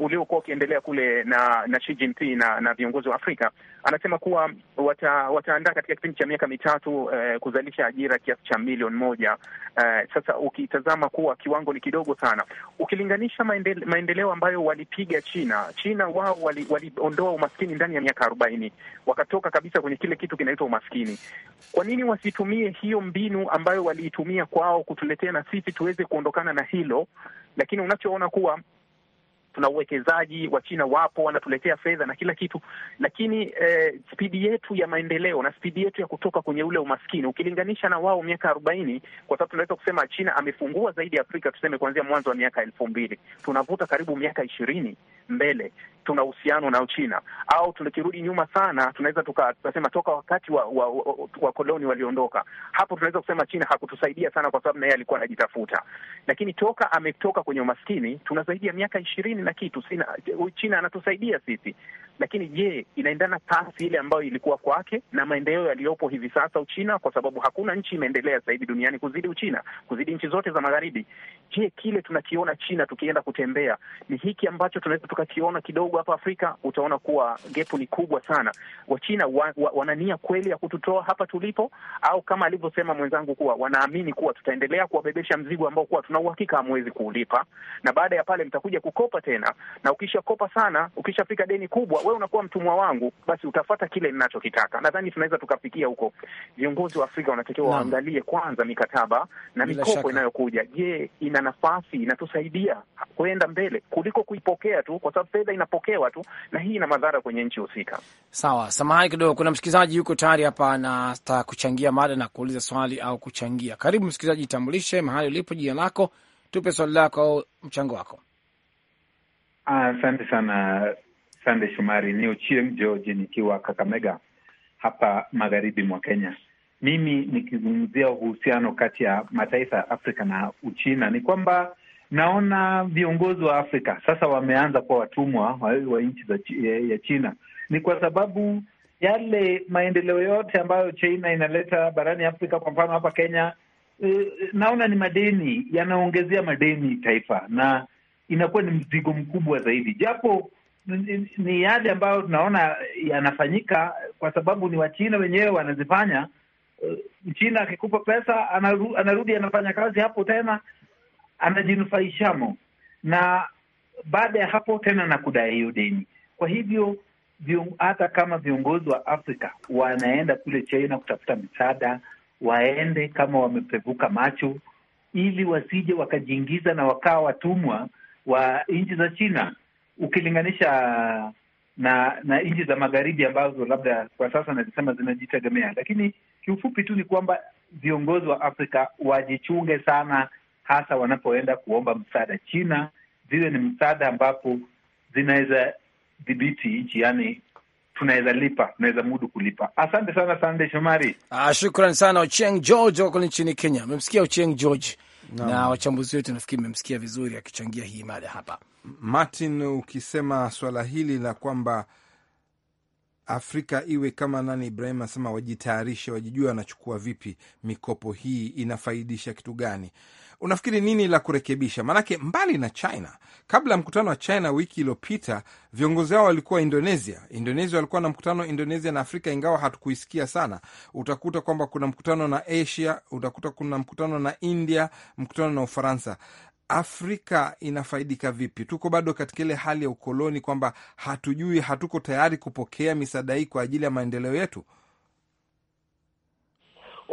uliokuwa ukiendelea kule na na Xi Jinping na na viongozi wa Afrika, anasema kuwa wata, wataandaa katika kipindi cha miaka mitatu eh, kuzalisha ajira kiasi cha milioni moja eh, sasa ukitazama kuwa kiwango ni kidogo kidogo sana ukilinganisha maendele, maendeleo ambayo walipiga China. China wao waliondoa wali umaskini ndani ya miaka arobaini, wakatoka kabisa kwenye kile kitu kinaitwa umaskini. Kwa nini wasitumie hiyo mbinu ambayo waliitumia kwao kutuletea na sisi tuweze kuondokana na hilo? Lakini unachoona kuwa tuna uwekezaji, wa China, wapo wanatuletea fedha na kila kitu, lakini eh, spidi yetu ya maendeleo na spidi yetu ya kutoka kwenye ule umaskini ukilinganisha na wao miaka arobaini, kwa sababu tunaweza kusema China amefungua zaidi ya Afrika, tuseme kuanzia mwanzo wa miaka elfu mbili tunavuta karibu miaka ishirini mbele tuna uhusiano na Uchina au tukirudi nyuma sana, tunaweza tukasema toka wakati wa wa, wa, wa koloni waliondoka hapo, tunaweza kusema China hakutusaidia sana, kwa sababu na yeye alikuwa anajitafuta, lakini toka ametoka kwenye umaskini tuna zaidi ya miaka ishirini hamsini na kitu sina, China anatusaidia sisi, lakini je, inaendana kasi ile ambayo ilikuwa kwake na maendeleo yaliyopo hivi sasa Uchina? Kwa sababu hakuna nchi imeendelea sasa hivi duniani kuzidi Uchina, kuzidi nchi zote za magharibi. Je, kile tunakiona China tukienda kutembea ni hiki ambacho tunaweza tukakiona kidogo hapa Afrika? Utaona kuwa gepu ni kubwa sana. Wachina wa, wa, wanania kweli ya kututoa hapa tulipo, au kama alivyosema mwenzangu kuwa wanaamini kuwa tutaendelea kuwabebesha mzigo ambao kuwa tuna uhakika hamwezi kuulipa, na baada ya pale mtakuja kukopa tena tena, na ukishakopa sana, ukishafika deni kubwa, wewe unakuwa mtumwa wangu, basi utafata kile ninachokitaka. Nadhani tunaweza tukafikia huko. Viongozi wa Afrika wanatakiwa waangalie kwanza mikataba na Mila mikopo inayokuja. Je, ina nafasi, inatusaidia kwenda mbele kuliko kuipokea tu, kwa sababu fedha inapokewa tu, na hii ina madhara kwenye nchi husika. Sawa, samahani kidogo, kuna msikilizaji yuko tayari hapa na kuchangia mada na kuuliza swali au kuchangia. Karibu msikilizaji, itambulishe mahali ulipo, jina lako, tupe swali lako au mchango wako. Asante sana Sande Shumari. Ni Ochieng George nikiwa Kakamega hapa magharibi mwa Kenya. Mimi nikizungumzia uhusiano kati ya mataifa ya Afrika na Uchina ni kwamba naona viongozi wa Afrika sasa wameanza kuwa watumwa wa nchi ya China. Ni kwa sababu yale maendeleo yote ambayo China inaleta barani Afrika, kwa mfano hapa Kenya, eh, naona ni madeni yanaongezea madeni taifa, na inakuwa ni mzigo mkubwa zaidi, japo ni yale ambayo tunaona yanafanyika kwa sababu ni Wachina wenyewe wanazifanya. Eh, mchina akikupa pesa anaru, anarudi anafanya kazi hapo tena anajinufaishamo, na baada ya hapo tena kudai hiyo deni. Kwa hivyo hata kama viongozi wa Afrika wanaenda kule China kutafuta misaada, waende kama wamepevuka macho, ili wasije wakajiingiza na wakawa watumwa wa nchi za China ukilinganisha na na nchi za magharibi ambazo labda kwa sasa nazisema zinajitegemea. Lakini kiufupi tu ni kwamba viongozi wa Afrika wajichunge sana, hasa wanapoenda kuomba msaada China, ziwe ni msaada ambapo zinaweza dhibiti nchi, yani tunaweza lipa, tunaweza mudu kulipa. Asante sana, Sande Shomari. Ah, shukran sana Ochieng George wako nchini Kenya. Amemsikia Ochieng George no. na wachambuzi wetu nafikiri mmemsikia vizuri akichangia hii mada hapa. Martin, ukisema swala hili la kwamba Afrika iwe kama nani, Ibrahim anasema wajitayarishe, wajijue wanachukua vipi mikopo hii, inafaidisha kitu gani? unafikiri nini la kurekebisha? Maanake mbali na China, kabla ya mkutano wa China wiki iliyopita, viongozi hao walikuwa Indonesia. Indonesia walikuwa na mkutano Indonesia na Afrika, ingawa hatukuisikia sana. Utakuta kwamba kuna mkutano na Asia, utakuta kuna mkutano na India, mkutano na Ufaransa. Afrika inafaidika vipi? Tuko bado katika ile hali ya ukoloni, kwamba hatujui, hatuko tayari kupokea misaada hii kwa ajili ya maendeleo yetu.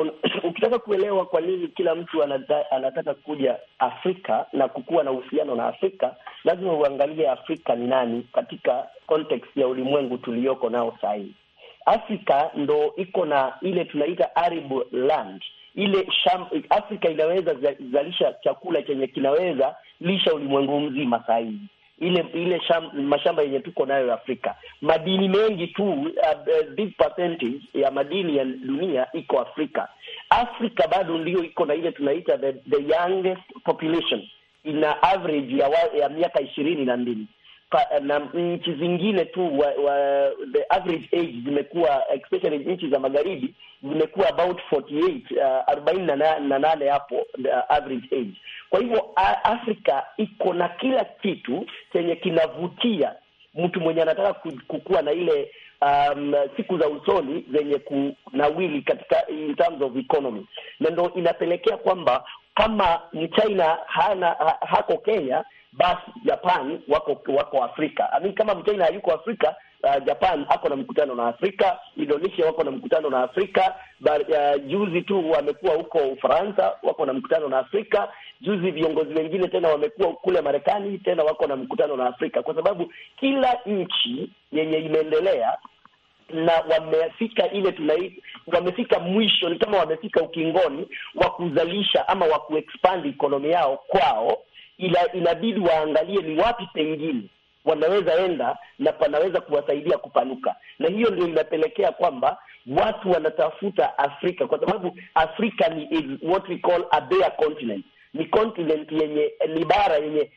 (clears throat) ukitaka kuelewa kwa nini kila mtu anata, anataka kuja Afrika na kukuwa na uhusiano na Afrika, lazima uangalie Afrika ni nani katika context ya ulimwengu tuliyoko nao saa hii. Afrika ndo iko na ile tunaita arab land ile sham, Afrika inaweza zalisha chakula chenye kinaweza lisha ulimwengu mzima saa ile ile sham, mashamba yenye tuko nayo Afrika, madini mengi tu uh, uh, big percentage ya madini ya dunia iko Afrika. Afrika bado ndio iko na ile tunaita the, the youngest population ina average ya, ya miaka ishirini na mbili na nchi zingine tu wa, wa, the average age zimekuwa especially nchi za magharibi zimekuwa about 48 uh, arobaini na na nane hapo the average age. Kwa hivyo Afrika iko na kila kitu chenye kinavutia mtu mwenye anataka kukuwa na ile um, siku za usoni zenye kunawili katika in terms of economy, na ndo inapelekea kwamba kama ni China hana ha, hako Kenya basi Japan wako wako Afrika. I mean, kama mchina hayuko Afrika uh, Japan ako na mkutano na Afrika, Indonesia wako na mkutano na Afrika. Uh, juzi tu wamekuwa huko Ufaransa wako na mkutano na Afrika. Juzi viongozi wengine tena wamekuwa kule Marekani tena wako na mkutano na Afrika, kwa sababu kila nchi yenye imeendelea na wamefika ile tunaita wamefika mwisho, ni kama wamefika ukingoni wa kuzalisha ama wa kuexpand ikonomi yao kwao ila inabidi waangalie ni wapi pengine wanaweza enda na panaweza kuwasaidia kupanuka, na hiyo ndio inapelekea kwamba watu wanatafuta Afrika kwa sababu Afrika ni is what we call a bare continent, ni continent yenye ni bara yenye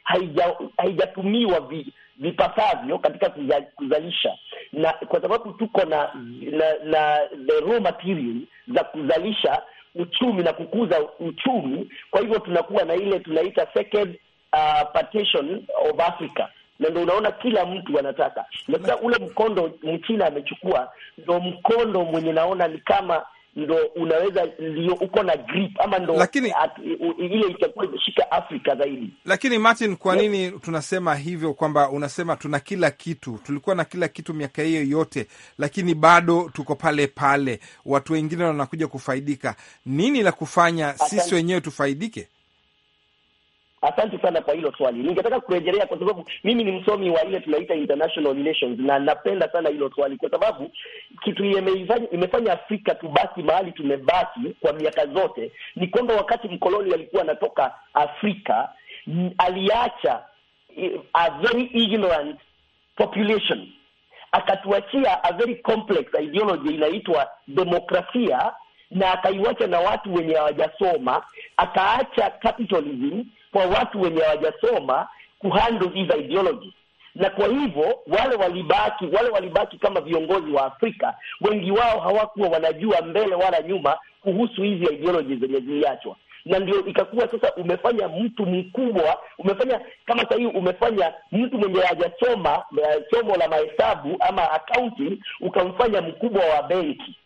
haijatumiwa haija vipasavyo katika kuzalisha, na kwa sababu tuko na na, na the raw material za kuzalisha uchumi na kukuza uchumi. Kwa hivyo tunakuwa na ile tunaita second uh, partition of Africa na ndo unaona kila mtu anataka na ule mkondo mchina amechukua ndo mkondo mwenye naona ni kama ndo unaweza ndio uko na grip ama ndo lakini, at, ile itakuwa imeshika Afrika zaidi. Lakini Martin, kwa nini yeah, tunasema hivyo kwamba unasema tuna kila kitu, tulikuwa na kila kitu miaka hiyo yote, lakini bado tuko pale pale, watu wengine wanakuja kufaidika. Nini la kufanya sisi wenyewe tufaidike? Asante sana kwa hilo swali. Ningetaka kurejelea kwa sababu mimi ni msomi wa ile tunaita international relations, na napenda sana hilo swali kwa sababu kitu imefanya Afrika tubaki mahali tumebaki kwa miaka zote ni kwamba wakati mkoloni alikuwa anatoka Afrika aliacha eh, a very ignorant population, akatuachia a very complex ideology inaitwa demokrasia, na akaiwacha na watu wenye hawajasoma, akaacha capitalism kwa watu wenye hawajasoma kuhandle hizo ideology na kwa hivyo wale walibaki wale walibaki kama viongozi wa Afrika, wengi wao hawakuwa wanajua mbele wala nyuma kuhusu hizi ideology zenye ziliachwa, na ndio ikakuwa sasa, umefanya mtu mkubwa, umefanya kama sahii, umefanya mtu mwenye hajasoma eh, somo la mahesabu ama accounting, ukamfanya mkubwa wa benki,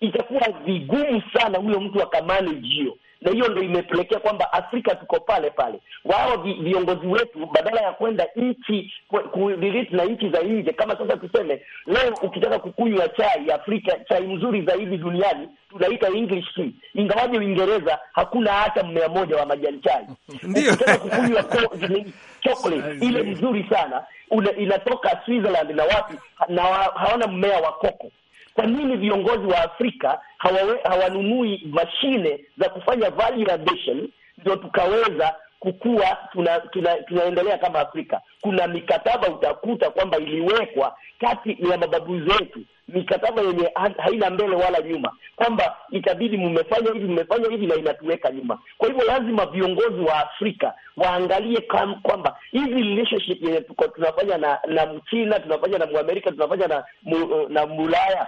itakuwa vigumu sana huyo mtu akamanage hiyo na hiyo ndo imepelekea kwamba Afrika tuko pale pale. Wao viongozi wetu badala ya kwenda nchi kudiriti na nchi za nje, kama sasa tuseme leo ukitaka kukunywa chai Afrika, chai mzuri zaidi duniani tunaita English tea, ingawaje Uingereza hakuna hata mmea moja wa majani chai. (laughs) ukitaka kukunywa (laughs) chocolate ile mzuri sana una, inatoka Switzerland na wapi, na hawana mmea wa koko kwa nini viongozi wa Afrika hawawe, hawanunui mashine za kufanya value addition ndio tukaweza kukua tuna, tuna, tunaendelea kama Afrika. Kuna mikataba utakuta kwamba iliwekwa kati ya mababu zetu, mikataba yenye haina mbele wala nyuma, kwamba itabidi mmefanya hivi mmefanya hivi na inatuweka nyuma. Kwa hivyo lazima viongozi wa Afrika waangalie kwamba hizi relationship yenye tuko tunafanya na na Mchina tunafanya na Muamerika tunafanya na mu, na Mulaya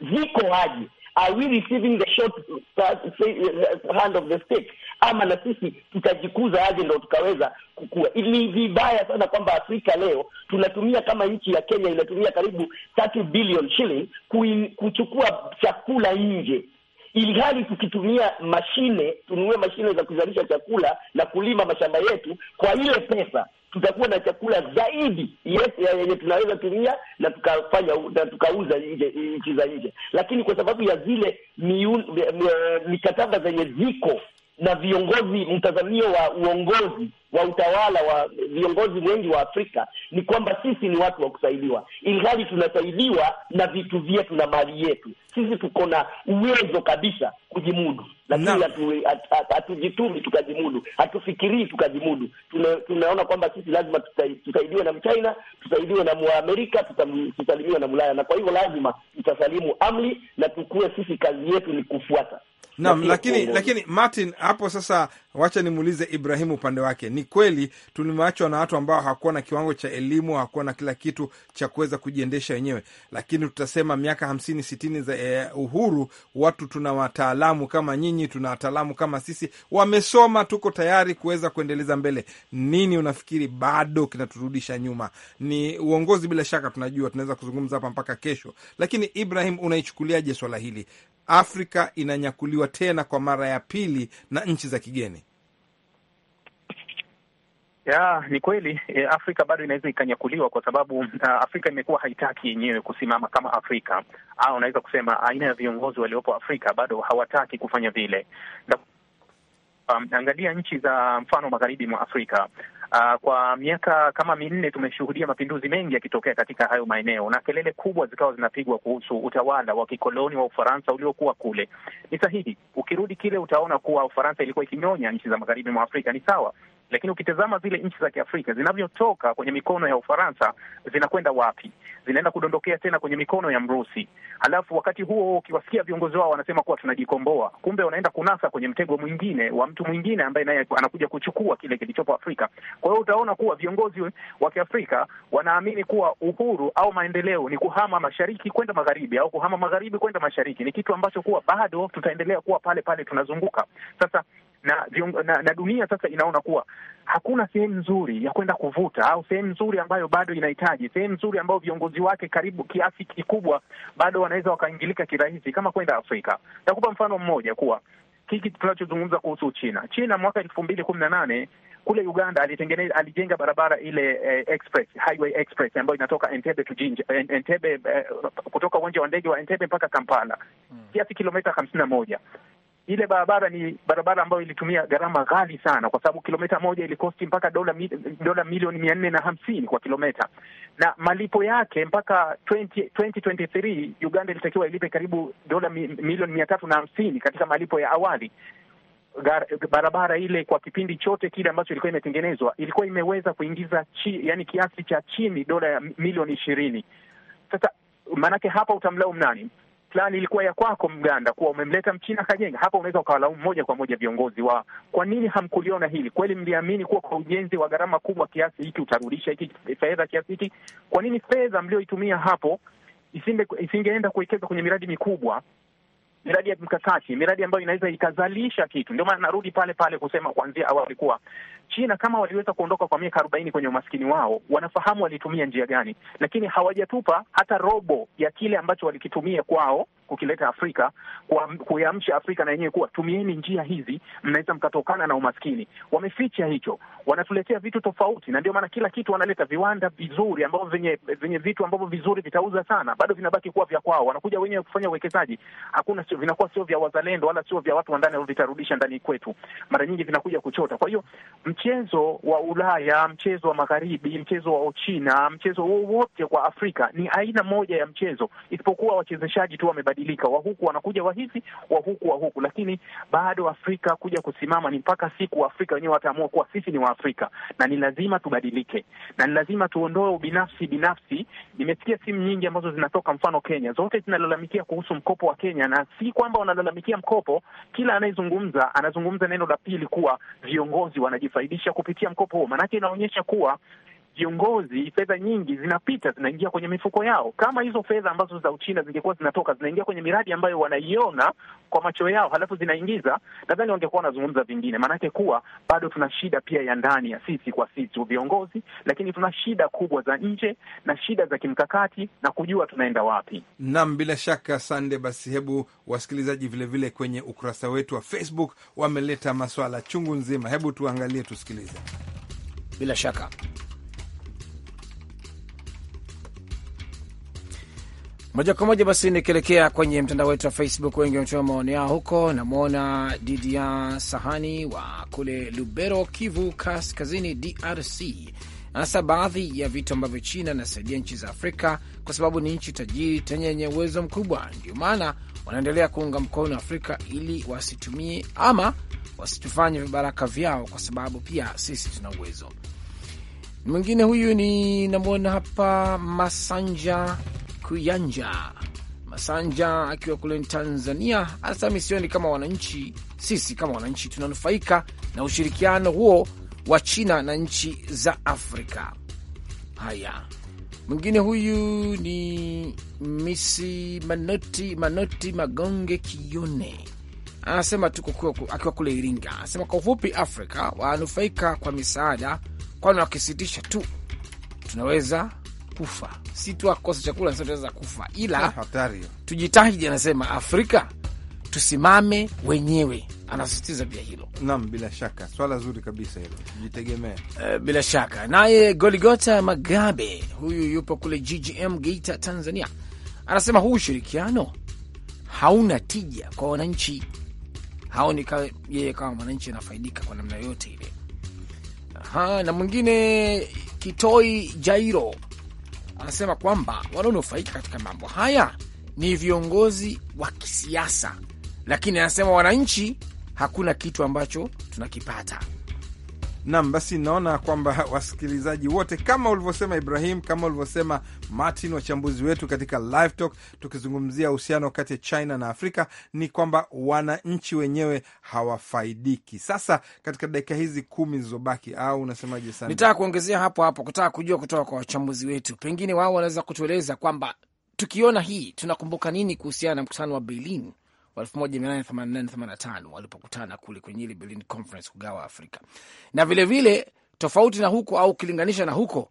ziko haji. Are we receiving the short uh, uh, hand of the stick? Ama na sisi tutajikuza aje ndo tukaweza kukua? Ni vibaya sana kwamba Afrika leo tunatumia kama nchi ya Kenya inatumia karibu 30 billion shilling kuchukua chakula nje ili hali tukitumia mashine, tununue mashine za kuzalisha chakula na kulima mashamba yetu kwa ile pesa tutakuwa na chakula zaidi yenye tunaweza tumia na tukafanya na tukauza nje nchi za nje, lakini kwa sababu ya zile mikataba zenye ziko na viongozi, mtazamio wa uongozi wa utawala wa viongozi wengi wa Afrika ni kwamba sisi ni watu wa kusaidiwa, ilhali tunasaidiwa na vitu vyetu na mali yetu. Sisi tuko na uwezo kabisa kujimudu, lakini hatujitumi tukajimudu, hatufikirii tukajimudu. Tuna, tunaona kwamba sisi lazima tusaidiwe na Mchina, tusaidiwe na Mwamerika, tusalimiwe na mulaya na kwa hivyo lazima tutasalimu amri na tukue, sisi kazi yetu ni kufuata. Naam, lakini lakini Martin, hapo sasa, wacha nimuulize Ibrahimu upande wake. Ni kweli tulimeachwa na watu ambao hawakuwa na kiwango cha elimu, hawakuwa na kila kitu cha kuweza kujiendesha wenyewe, lakini tutasema miaka hamsini sitini za eh, uhuru, watu tuna wataalamu kama nyinyi, tuna wataalamu kama sisi, wamesoma, tuko tayari kuweza kuendeleza mbele. Nini unafikiri bado kinaturudisha nyuma? Ni uongozi, bila shaka tunajua, tunaweza kuzungumza hapa mpaka kesho, lakini Ibrahim, unaichukuliaje swala hili? Afrika inanyakuliwa tena kwa mara ya pili na nchi za kigeni. Ya, ni kweli e, Afrika bado inaweza ikanyakuliwa kwa sababu uh, Afrika imekuwa haitaki yenyewe kusimama kama Afrika, au unaweza kusema aina ya viongozi waliopo Afrika bado hawataki kufanya vile. Um, angalia nchi za mfano magharibi mwa Afrika Uh, kwa miaka kama minne tumeshuhudia mapinduzi mengi yakitokea katika hayo maeneo, na kelele kubwa zikawa zinapigwa kuhusu utawala wa kikoloni wa Ufaransa uliokuwa kule. Ni sahihi, ukirudi kile utaona kuwa Ufaransa ilikuwa ikinyonya nchi za magharibi mwa Afrika. Ni sawa, lakini ukitazama zile nchi za Kiafrika zinavyotoka kwenye mikono ya Ufaransa zinakwenda wapi? Zinaenda kudondokea tena kwenye mikono ya Mrusi. Halafu wakati huo ukiwasikia viongozi wao wanasema kuwa tunajikomboa, kumbe wanaenda kunasa kwenye mtego mwingine wa mtu mwingine ambaye naye anakuja kuchukua kile kilichopo Afrika. Kwa hiyo utaona kuwa viongozi wa Kiafrika wanaamini kuwa uhuru au maendeleo ni kuhama mashariki kwenda magharibi au kuhama magharibi kwenda mashariki, ni kitu ambacho kuwa bado tutaendelea kuwa pale pale tunazunguka sasa na, na, na dunia sasa inaona kuwa hakuna sehemu nzuri ya kwenda kuvuta au sehemu nzuri ambayo bado inahitaji sehemu nzuri ambayo viongozi wake karibu kiasi kikubwa bado wanaweza wakaingilika kirahisi kama kwenda Afrika. Takupa mfano mmoja kuwa hiki tunachozungumza kuhusu China. China mwaka elfu mbili kumi na nane kule Uganda alitengeneza alijenga barabara ile eh, express highway express ambayo inatoka Entebbe Tujinja, eh, Entebbe eh, kutoka uwanja wa ndege wa Entebbe mpaka Kampala hmm. kiasi kilomita hamsini na moja ile barabara ni barabara ambayo ilitumia gharama ghali sana, kwa sababu kilomita moja ilikosti mpaka dola dola milioni mia nne na hamsini kwa kilomita, na malipo yake mpaka 20, 2023 Uganda ilitakiwa ilipe karibu dola milioni mia tatu na hamsini katika malipo ya awali. Gar, barabara ile kwa kipindi chote kile ambacho ilikuwa imetengenezwa ilikuwa imeweza kuingiza chi, yani kiasi cha chini dola ya milioni ishirini. Sasa maanake hapa utamlaumu nani? fulani ilikuwa ya kwako Mganda, kuwa umemleta Mchina akajenga hapa. Unaweza ukawalaumu moja kwa moja viongozi wa, kwa nini hamkuliona hili? Kweli mliamini kuwa kwa ujenzi wa gharama kubwa kiasi hiki utarudisha hiki fedha kiasi hiki? Kwa nini fedha mlioitumia hapo isinge isingeenda kuwekeza kwenye miradi mikubwa miradi ya mkakati, miradi ambayo inaweza ikazalisha kitu. Ndio maana narudi pale pale kusema kuanzia awali kuwa China kama waliweza kuondoka kwa miaka arobaini kwenye umaskini wao, wanafahamu walitumia njia gani, lakini hawajatupa hata robo ya kile ambacho walikitumia kwao kukileta Afrika, kuyamsha Afrika na yenyewe kuwa tumieni njia hizi, mnaweza mkatokana na umaskini. Wameficha hicho, wanatuletea vitu tofauti, na ndio maana kila kitu wanaleta viwanda vizuri ambavyo vyenye venye vitu ambavyo vizuri vitauza sana, bado vinabaki kuwa vya kwao. Wanakuja wenyewe kufanya uwekezaji, hakuna sio, vinakuwa sio vya wazalendo wala sio vya watu wa ndani, vitarudisha ndani kwetu, mara nyingi vinakuja kuchota. Kwa hiyo mchezo wa Ulaya, mchezo wa magharibi, mchezo wa Uchina, mchezo wowote kwa Afrika ni aina moja ya mchezo, isipokuwa wachezeshaji tu wamebadilika. Wa huku wanakuja wa hivi, wa huku wa huku, lakini bado Afrika kuja kusimama ni mpaka siku Waafrika wenyewe wataamua kuwa sisi ni Waafrika na ni lazima tubadilike na ni lazima tuondoe ubinafsi binafsi. Nimesikia simu nyingi ambazo zinatoka, mfano Kenya, zote zinalalamikia kuhusu mkopo wa Kenya, na si kwamba wanalalamikia mkopo. Kila anayezungumza anazungumza neno la pili kuwa viongozi wanajifaidi kufaidisha kupitia mkopo huo, maanake inaonyesha kuwa viongozi, fedha nyingi zinapita zinaingia kwenye mifuko yao. Kama hizo fedha ambazo za Uchina zingekuwa zinatoka zinaingia kwenye miradi ambayo wanaiona kwa macho yao, halafu zinaingiza, nadhani wangekuwa wanazungumza vingine. Maanake kuwa bado tuna shida pia ya ndani ya sisi kwa sisi viongozi, lakini tuna shida kubwa za nje na shida za kimkakati na kujua tunaenda wapi. Naam, bila shaka sande. Basi hebu wasikilizaji vilevile vile kwenye ukurasa wetu wa Facebook wameleta maswala chungu nzima, hebu tuangalie, tusikilize bila shaka. moja kwa moja basi nikielekea kwenye mtandao wetu wa Facebook, wengi wanatoa maoni yao huko. Namwona Didia Sahani wa kule Lubero, Kivu Kaskazini, DRC, hasa baadhi ya vitu ambavyo China inasaidia nchi za Afrika kwa sababu ni nchi tajiri tena yenye uwezo mkubwa, ndio maana wanaendelea kuunga mkono Afrika ili wasitumie ama wasitufanye vibaraka vyao, kwa sababu pia sisi tuna uwezo. Mwingine huyu ni namwona hapa Masanja Kuyanja Masanja akiwa kule Tanzania hasa misioni, kama wananchi sisi kama wananchi tunanufaika na ushirikiano huo wa China na nchi za Afrika. Haya, mwingine huyu ni misi Manoti, Manoti Magonge Kione anasema tuko akiwa kule Iringa, anasema kwa ufupi, Afrika wanufaika kwa misaada, kwani wakisitisha tu tunaweza kufa, si tu akukosa chakula, sio tunaweza kufa, ila ah, tujitahidi, anasema Afrika tusimame wenyewe, anasisitiza pia hilo. Naam, bila shaka swala zuri kabisa hilo, jitegemea. Uh, eh, bila shaka naye Goligota Magabe huyu yupo kule GGM Geita, Tanzania, anasema huu ushirikiano hauna tija kwa wananchi, haoni yeye kama mwananchi anafaidika kwa namna yoyote ile. Aha, na mwingine Kitoi Jairo anasema kwamba wanaonufaika katika mambo haya ni viongozi wa kisiasa, lakini anasema wananchi, hakuna kitu ambacho tunakipata. Nam, basi naona kwamba (laughs) wasikilizaji wote, kama ulivyosema Ibrahim, kama ulivyosema Martin, wachambuzi wetu katika Live Talk tukizungumzia uhusiano kati ya China na Afrika ni kwamba wananchi wenyewe hawafaidiki. Sasa katika dakika hizi kumi zilizobaki, au unasemaje? Sana nitaka kuongezea hapo hapo, kutaka kujua kutoka kwa wachambuzi wetu, pengine wao wanaweza kutueleza kwamba tukiona hii tunakumbuka nini kuhusiana na mkutano wa Berlin 1884-85 walipokutana kule kwenye ile Berlin Conference kugawa Afrika. Na vile vile, tofauti na huko au ukilinganisha na huko,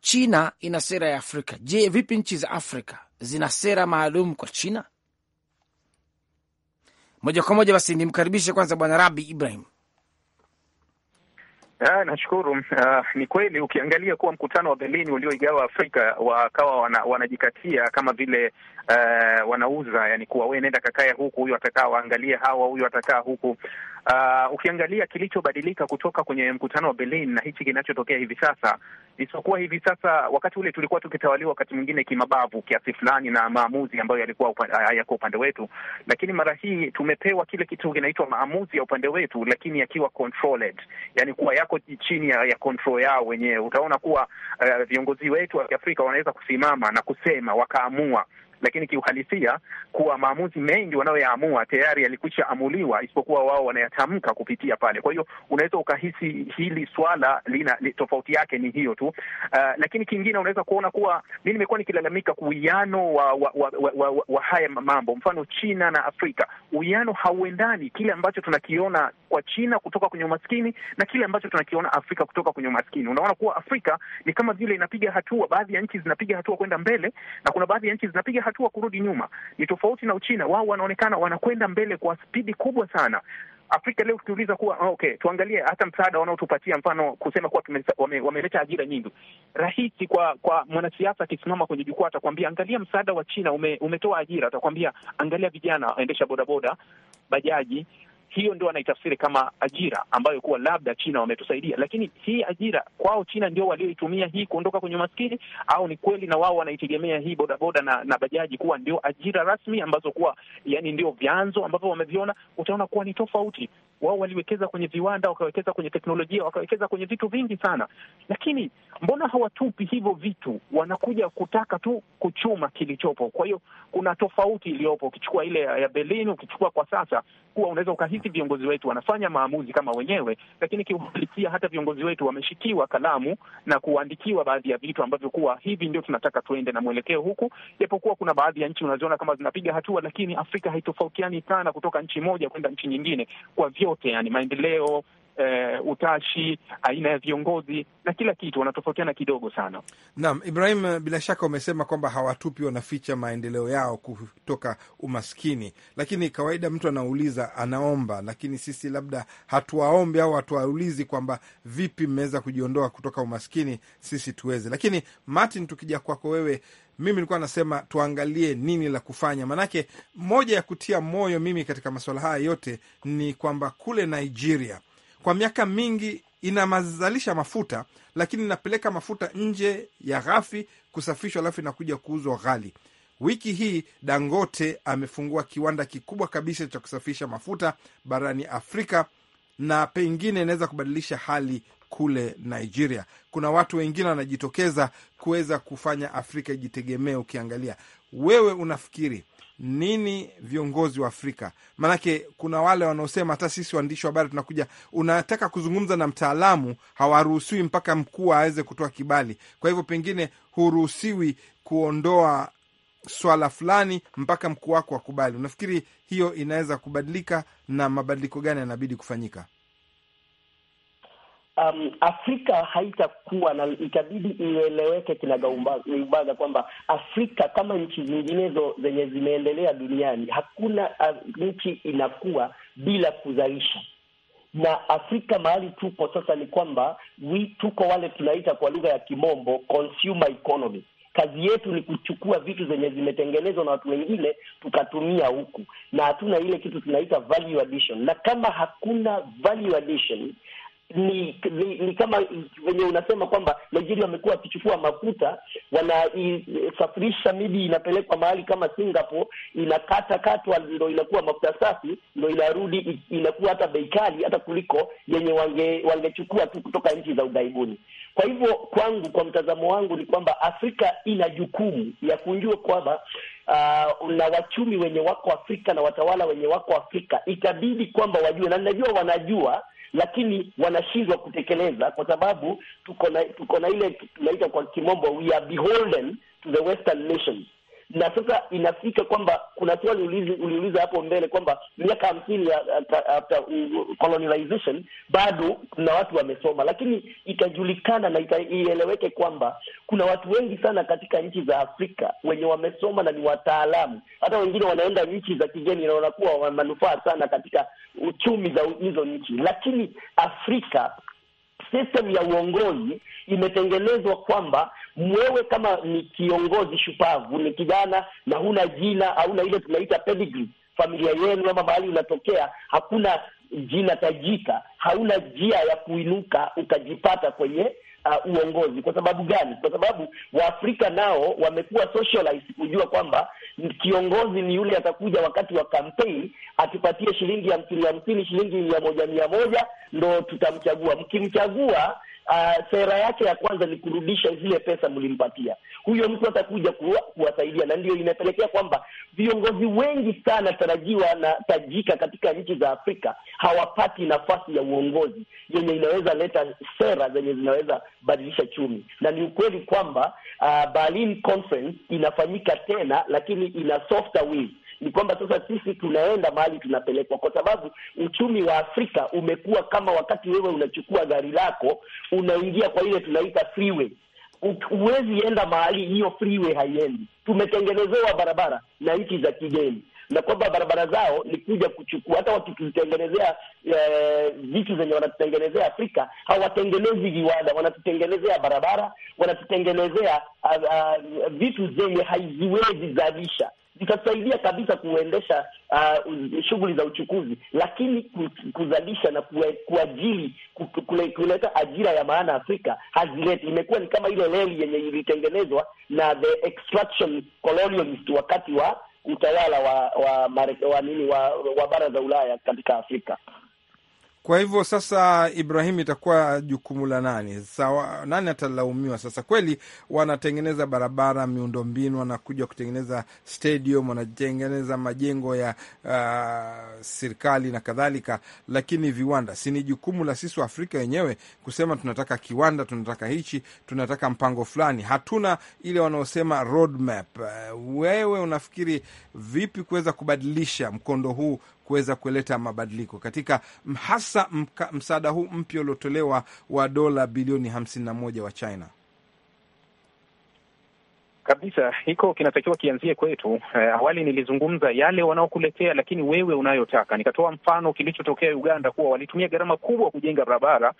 China ina sera ya Afrika. Je, vipi nchi za Afrika zina sera maalum kwa China? Moja kwa moja basi nimkaribishe kwanza Bwana Rabi Ibrahim. Ah, nashukuru. Ah, ni kweli ukiangalia kuwa mkutano wa Berlin ulioigawa Afrika wakawa wanajikatia wana kama vile uh, wanauza yani, kuwa wewe nenda kakaya huku, huyu atakaa waangalie hawa, huyu atakaa huku. Uh, ukiangalia kilichobadilika kutoka kwenye mkutano wa Berlin na hichi kinachotokea hivi sasa, isipokuwa hivi sasa, wakati ule tulikuwa tukitawaliwa wakati mwingine kimabavu kiasi fulani na maamuzi ambayo yalikuwa hayako upande wetu, lakini mara hii tumepewa kile kitu kinaitwa maamuzi ya upande wetu, lakini yakiwa controlled, yani kuwa yako chini ya, ya control yao wenyewe. Utaona kuwa uh, viongozi wetu wa Kiafrika wanaweza kusimama na kusema wakaamua lakini kiuhalisia kuwa maamuzi mengi wanayoyaamua tayari yalikwisha amuliwa, isipokuwa wao wanayatamka kupitia pale. Kwa hiyo unaweza ukahisi hili swala lina li, tofauti yake ni hiyo tu. Uh, lakini kingine unaweza kuona kuwa mi nimekuwa nikilalamika uwiano wa, wa, wa, wa, wa, wa haya mambo, mfano China na Afrika, uwiano hauendani kile ambacho tunakiona kwa China kutoka kwenye umaskini na kile ambacho tunakiona Afrika kutoka kwenye umaskini. Unaona kuwa Afrika ni kama vile inapiga hatua, baadhi ya nchi zinapiga hatua kwenda mbele na kuna baadhi ya nchi zinapiga hatua kurudi nyuma. Ni tofauti na Uchina, wao wanaonekana wanakwenda mbele kwa spidi kubwa sana. Afrika leo tukiuliza kuwa ah, okay, tuangalie hata msaada wanaotupatia, mfano kusema kuwa wameleta wame ajira nyingi, rahisi kwa kwa mwanasiasa akisimama kwenye jukwaa atakwambia angalia msaada wa China ume, umetoa ajira, atakwambia angalia vijana waendesha bodaboda, bajaji hiyo ndio wanaitafsiri kama ajira ambayo kuwa labda China wametusaidia, lakini hii ajira kwao China ndio walioitumia hii kuondoka kwenye umaskini, au ni kweli na wao wanaitegemea hii bodaboda na, na bajaji kuwa ndio ajira rasmi ambazo kuwa yani ndio vyanzo ambavyo wameviona? Utaona kuwa ni tofauti wao waliwekeza kwenye viwanda, wakawekeza kwenye teknolojia, wakawekeza kwenye vitu vingi sana, lakini mbona hawatupi hivyo vitu? Wanakuja kutaka tu kuchuma kilichopo. Kwa hiyo kuna tofauti iliyopo, ukichukua ile ya Berlin, ukichukua kwa sasa, kuwa unaweza ukahisi viongozi wetu wanafanya maamuzi kama wenyewe, lakini kiuhalisia hata viongozi wetu wameshikiwa kalamu na kuandikiwa baadhi ya vitu ambavyo kuwa hivi ndio tunataka tuende na mwelekeo huku, japokuwa kuna baadhi ya nchi unaziona kama zinapiga hatua, lakini Afrika haitofautiani sana kutoka nchi moja kwenda nchi nyingine kwa vyo yote, yani maendeleo Uh, utashi, aina ya viongozi na kila kitu, wanatofautiana kidogo sana. Naam, Ibrahim, bila shaka umesema kwamba hawatupi, wanaficha maendeleo yao kutoka umaskini, lakini kawaida mtu anauliza, anaomba, lakini sisi labda hatuwaombi au hatuwaulizi kwamba vipi mmeweza kujiondoa kutoka umaskini, sisi tuweze. Lakini Martin, tukija kwako wewe, mimi nilikuwa nasema tuangalie nini la kufanya, manake moja ya kutia moyo mimi katika masuala haya yote ni kwamba kule Nigeria kwa miaka mingi inamazalisha mafuta lakini inapeleka mafuta nje ya ghafi kusafishwa, alafu inakuja kuuzwa ghali. Wiki hii Dangote amefungua kiwanda kikubwa kabisa cha kusafisha mafuta barani Afrika, na pengine inaweza kubadilisha hali kule Nigeria. Kuna watu wengine wanajitokeza kuweza kufanya Afrika ijitegemee. Ukiangalia wewe, unafikiri nini viongozi wa Afrika? Maanake kuna wale wanaosema hata sisi waandishi wa habari tunakuja, unataka kuzungumza na mtaalamu, hawaruhusiwi mpaka mkuu aweze kutoa kibali. Kwa hivyo, pengine huruhusiwi kuondoa swala fulani mpaka mkuu wako akubali. Unafikiri hiyo inaweza kubadilika, na mabadiliko gani yanabidi kufanyika? um, Afrika haitakuwa na, itabidi ieleweke kinagaubaga kwamba Afrika kama nchi zinginezo zenye zimeendelea duniani, hakuna uh, nchi inakuwa bila kuzalisha na Afrika mahali tupo sasa ni kwamba we tuko wale tunaita kwa lugha ya kimombo consumer economy. Kazi yetu ni kuchukua vitu zenye zimetengenezwa na watu wengine tukatumia huku, na hatuna ile kitu tunaita value addition. Na kama hakuna value addition, ni, ni, ni kama venye unasema kwamba Nigeria wamekuwa wakichukua mafuta wanaisafirisha, midi inapelekwa mahali kama Singapore, inakatakatwa, ndo inakuwa mafuta safi, ndo inarudi, inakuwa hata bei kali hata kuliko yenye wange wangechukua tu kutoka nchi za ughaibuni. Kwa hivyo kwangu, kwa mtazamo wangu ni kwamba Afrika ina jukumu ya kujua kwamba Uh, na wachumi wenye wako Afrika na watawala wenye wako Afrika itabidi kwamba wajue, na ninajua wanajua lakini wanashindwa kutekeleza kwa sababu tuko na tuko na ile tunaita kwa kimombo, we are beholden to the western nations na sasa inafika kwamba kuna swali uliuliza hapo mbele kwamba miaka hamsini after colonization bado kuna watu wamesoma, lakini itajulikana na ieleweke kwamba kuna watu wengi sana katika nchi za Afrika wenye wamesoma na ni wataalamu. Hata wengine wanaenda nchi za kigeni na wanakuwa wa manufaa sana katika uchumi za hizo nchi, lakini Afrika system ya uongozi imetengenezwa kwamba mwewe kama ni kiongozi shupavu, ni kijana na huna jina, hauna ile tunaita pedigree, familia yenu ama mahali unatokea hakuna jina tajika, hauna njia ya kuinuka ukajipata kwenye Uh, uongozi. Kwa sababu gani? Kwa sababu Waafrika nao wamekuwa socialized kujua kwamba kiongozi ni yule atakuja wakati wa kampeni atupatie shilingi hamsini hamsini, shilingi mia moja mia moja, ndo tutamchagua. Mkimchagua uh, sera yake ya kwanza ni kurudisha zile pesa mlimpatia. Huyo mtu atakuja kuwasaidia, na ndio imepelekea kwamba viongozi wengi sana tarajiwa na tajika katika nchi za Afrika hawapati nafasi ya uongozi yenye inaweza leta sera zenye zinaweza badilisha chumi, na ni ukweli kwamba uh, Berlin Conference inafanyika tena, lakini ina softer wing ni kwamba sasa sisi tunaenda mahali tunapelekwa, kwa sababu uchumi wa Afrika umekuwa kama wakati wewe unachukua gari lako unaingia kwa ile tunaita freeway huwezi enda mahali hiyo freeway haiendi. Tumetengenezewa barabara na nchi za kigeni, na kwamba barabara zao ni kuja kuchukua. Hata wakitutengenezea eh, vitu zenye wanatutengenezea Afrika, hawatengenezi viwanda, wanatutengenezea barabara, wanatutengenezea ah, ah, vitu zenye haziwezi zalisha zitasaidia kabisa kuendesha uh, shughuli za uchukuzi, lakini kuzalisha na kuajiri, kuleta ajira ya maana Afrika hazileti. Imekuwa ni kama ile reli yenye ilitengenezwa na the extraction colonialist wakati wa utawala wa wa, wa, wa, nini, wa, wa bara za Ulaya katika Afrika. Kwa hivyo sasa, Ibrahim, itakuwa jukumu la nani? Sawa, nani atalaumiwa sasa? Kweli wanatengeneza barabara, miundombinu, wanakuja kutengeneza stadium, wanatengeneza majengo ya uh, serikali na kadhalika, lakini viwanda, si ni jukumu la sisi wa Afrika wenyewe kusema tunataka kiwanda, tunataka hichi, tunataka mpango fulani? Hatuna ile wanaosema roadmap. Eh, wewe unafikiri vipi kuweza kubadilisha mkondo huu kuweza kuleta mabadiliko katika hasa msaada huu mpya uliotolewa wa dola bilioni hamsini na moja wa China kabisa hiko kinatakiwa kianzie kwetu. Eh, awali nilizungumza yale wanaokuletea, lakini wewe unayotaka. Nikatoa mfano kilichotokea Uganda kuwa walitumia gharama kubwa kujenga barabara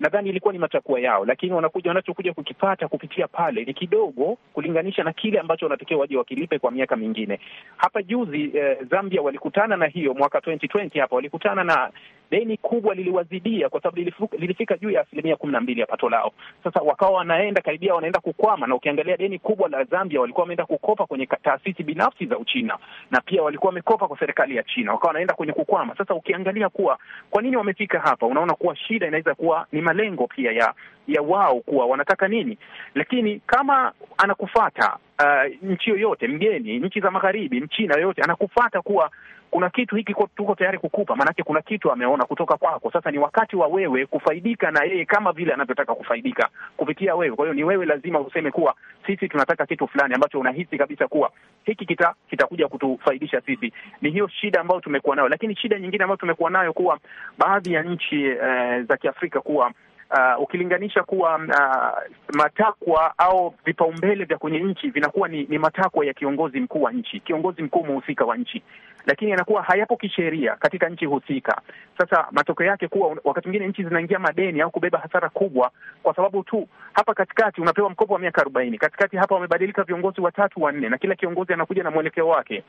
nadhani ilikuwa ni matakwa yao, lakini wanakuja wanachokuja kukipata kupitia pale ni kidogo kulinganisha na kile ambacho wanatakiwa waje wakilipe kwa miaka mingine. Hapa juzi eh, Zambia walikutana na hiyo mwaka 2020 hapa walikutana na deni kubwa liliwazidia kwa sababu lilifika juu ya asilimia kumi na mbili ya pato lao. Sasa wakawa wanaenda karibia, wanaenda kukwama, na ukiangalia deni kubwa la Zambia walikuwa wameenda kukopa kwenye taasisi binafsi za Uchina na pia walikuwa wamekopa kwa serikali ya China, wakawa wanaenda kwenye kukwama. Sasa ukiangalia kuwa kwa nini wamefika hapa, unaona kuwa shida inaweza kuwa ni malengo pia ya ya wao kuwa wanataka nini, lakini kama anakufata uh, nchi yoyote mgeni, nchi za magharibi, mchina yoyote anakufata kuwa kuna kitu hiki tuko tayari kukupa, maanake kuna kitu ameona kutoka kwako. Sasa ni wakati wa wewe kufaidika na yeye kama vile anavyotaka kufaidika kupitia wewe. Kwa hiyo ni wewe lazima useme kuwa sisi tunataka kitu fulani ambacho unahisi kabisa kuwa hiki kita kitakuja kutufaidisha sisi. Ni hiyo shida ambayo tumekuwa nayo, lakini shida nyingine ambayo tumekuwa nayo kuwa baadhi ya nchi eh, za Kiafrika kuwa uh, ukilinganisha kuwa uh, matakwa au vipaumbele vya kwenye nchi vinakuwa ni, ni matakwa ya kiongozi mkuu wa nchi, kiongozi mkuu muhusika wa nchi, lakini yanakuwa hayapo kisheria katika nchi husika. Sasa matokeo yake kuwa wakati mwingine nchi zinaingia madeni au kubeba hasara kubwa, kwa sababu tu hapa katikati unapewa mkopo wa miaka arobaini, katikati hapa wamebadilika viongozi watatu wanne, na kila kiongozi anakuja na mwelekeo wake.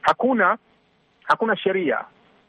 Hakuna hakuna sheria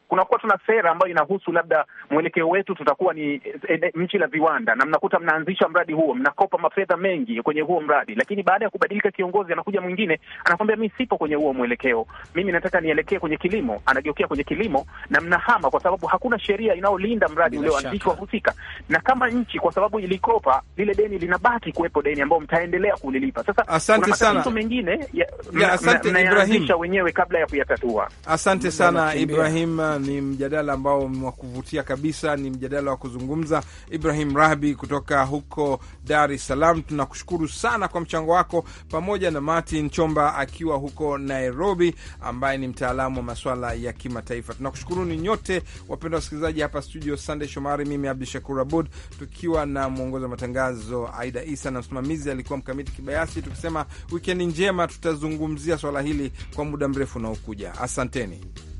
kunakuwa tuna sera ambayo inahusu labda mwelekeo wetu tutakuwa ni eh, eh, nchi la viwanda, na mnakuta mnaanzisha mradi huo, mnakopa mafedha mengi kwenye huo mradi, lakini baada ya kubadilika kiongozi, anakuja mwingine anakwambia, mi sipo kwenye huo mwelekeo, mimi nataka nielekee kwenye kilimo. Anageukia kwenye kilimo na mnahama, kwa sababu hakuna sheria inayolinda mradi ulioanzishwa husika. Na kama nchi, kwa sababu ilikopa lile deni, linabaki kuwepo deni ambayo mtaendelea kulilipa. Sasa asante sana. Mengine mnaanzisha wenyewe kabla ya kuyatatua. Asante sana Ibrahim ni mjadala ambao wa kuvutia kabisa, ni mjadala wa kuzungumza. Ibrahim Rahbi kutoka huko Dar es Salaam, tunakushukuru sana kwa mchango wako, pamoja na Martin Chomba akiwa huko Nairobi, ambaye ni mtaalamu wa maswala ya kimataifa. Tunakushukuruni nyote wapendwa wasikilizaji hapa studio, Sandey Shomari, mimi Abdu Shakur Abud, tukiwa na mwongozi wa matangazo Aida Isa na msimamizi alikuwa Mkamiti Kibayasi, tukisema wikendi njema. Tutazungumzia swala hili kwa muda mrefu unaokuja. Asanteni.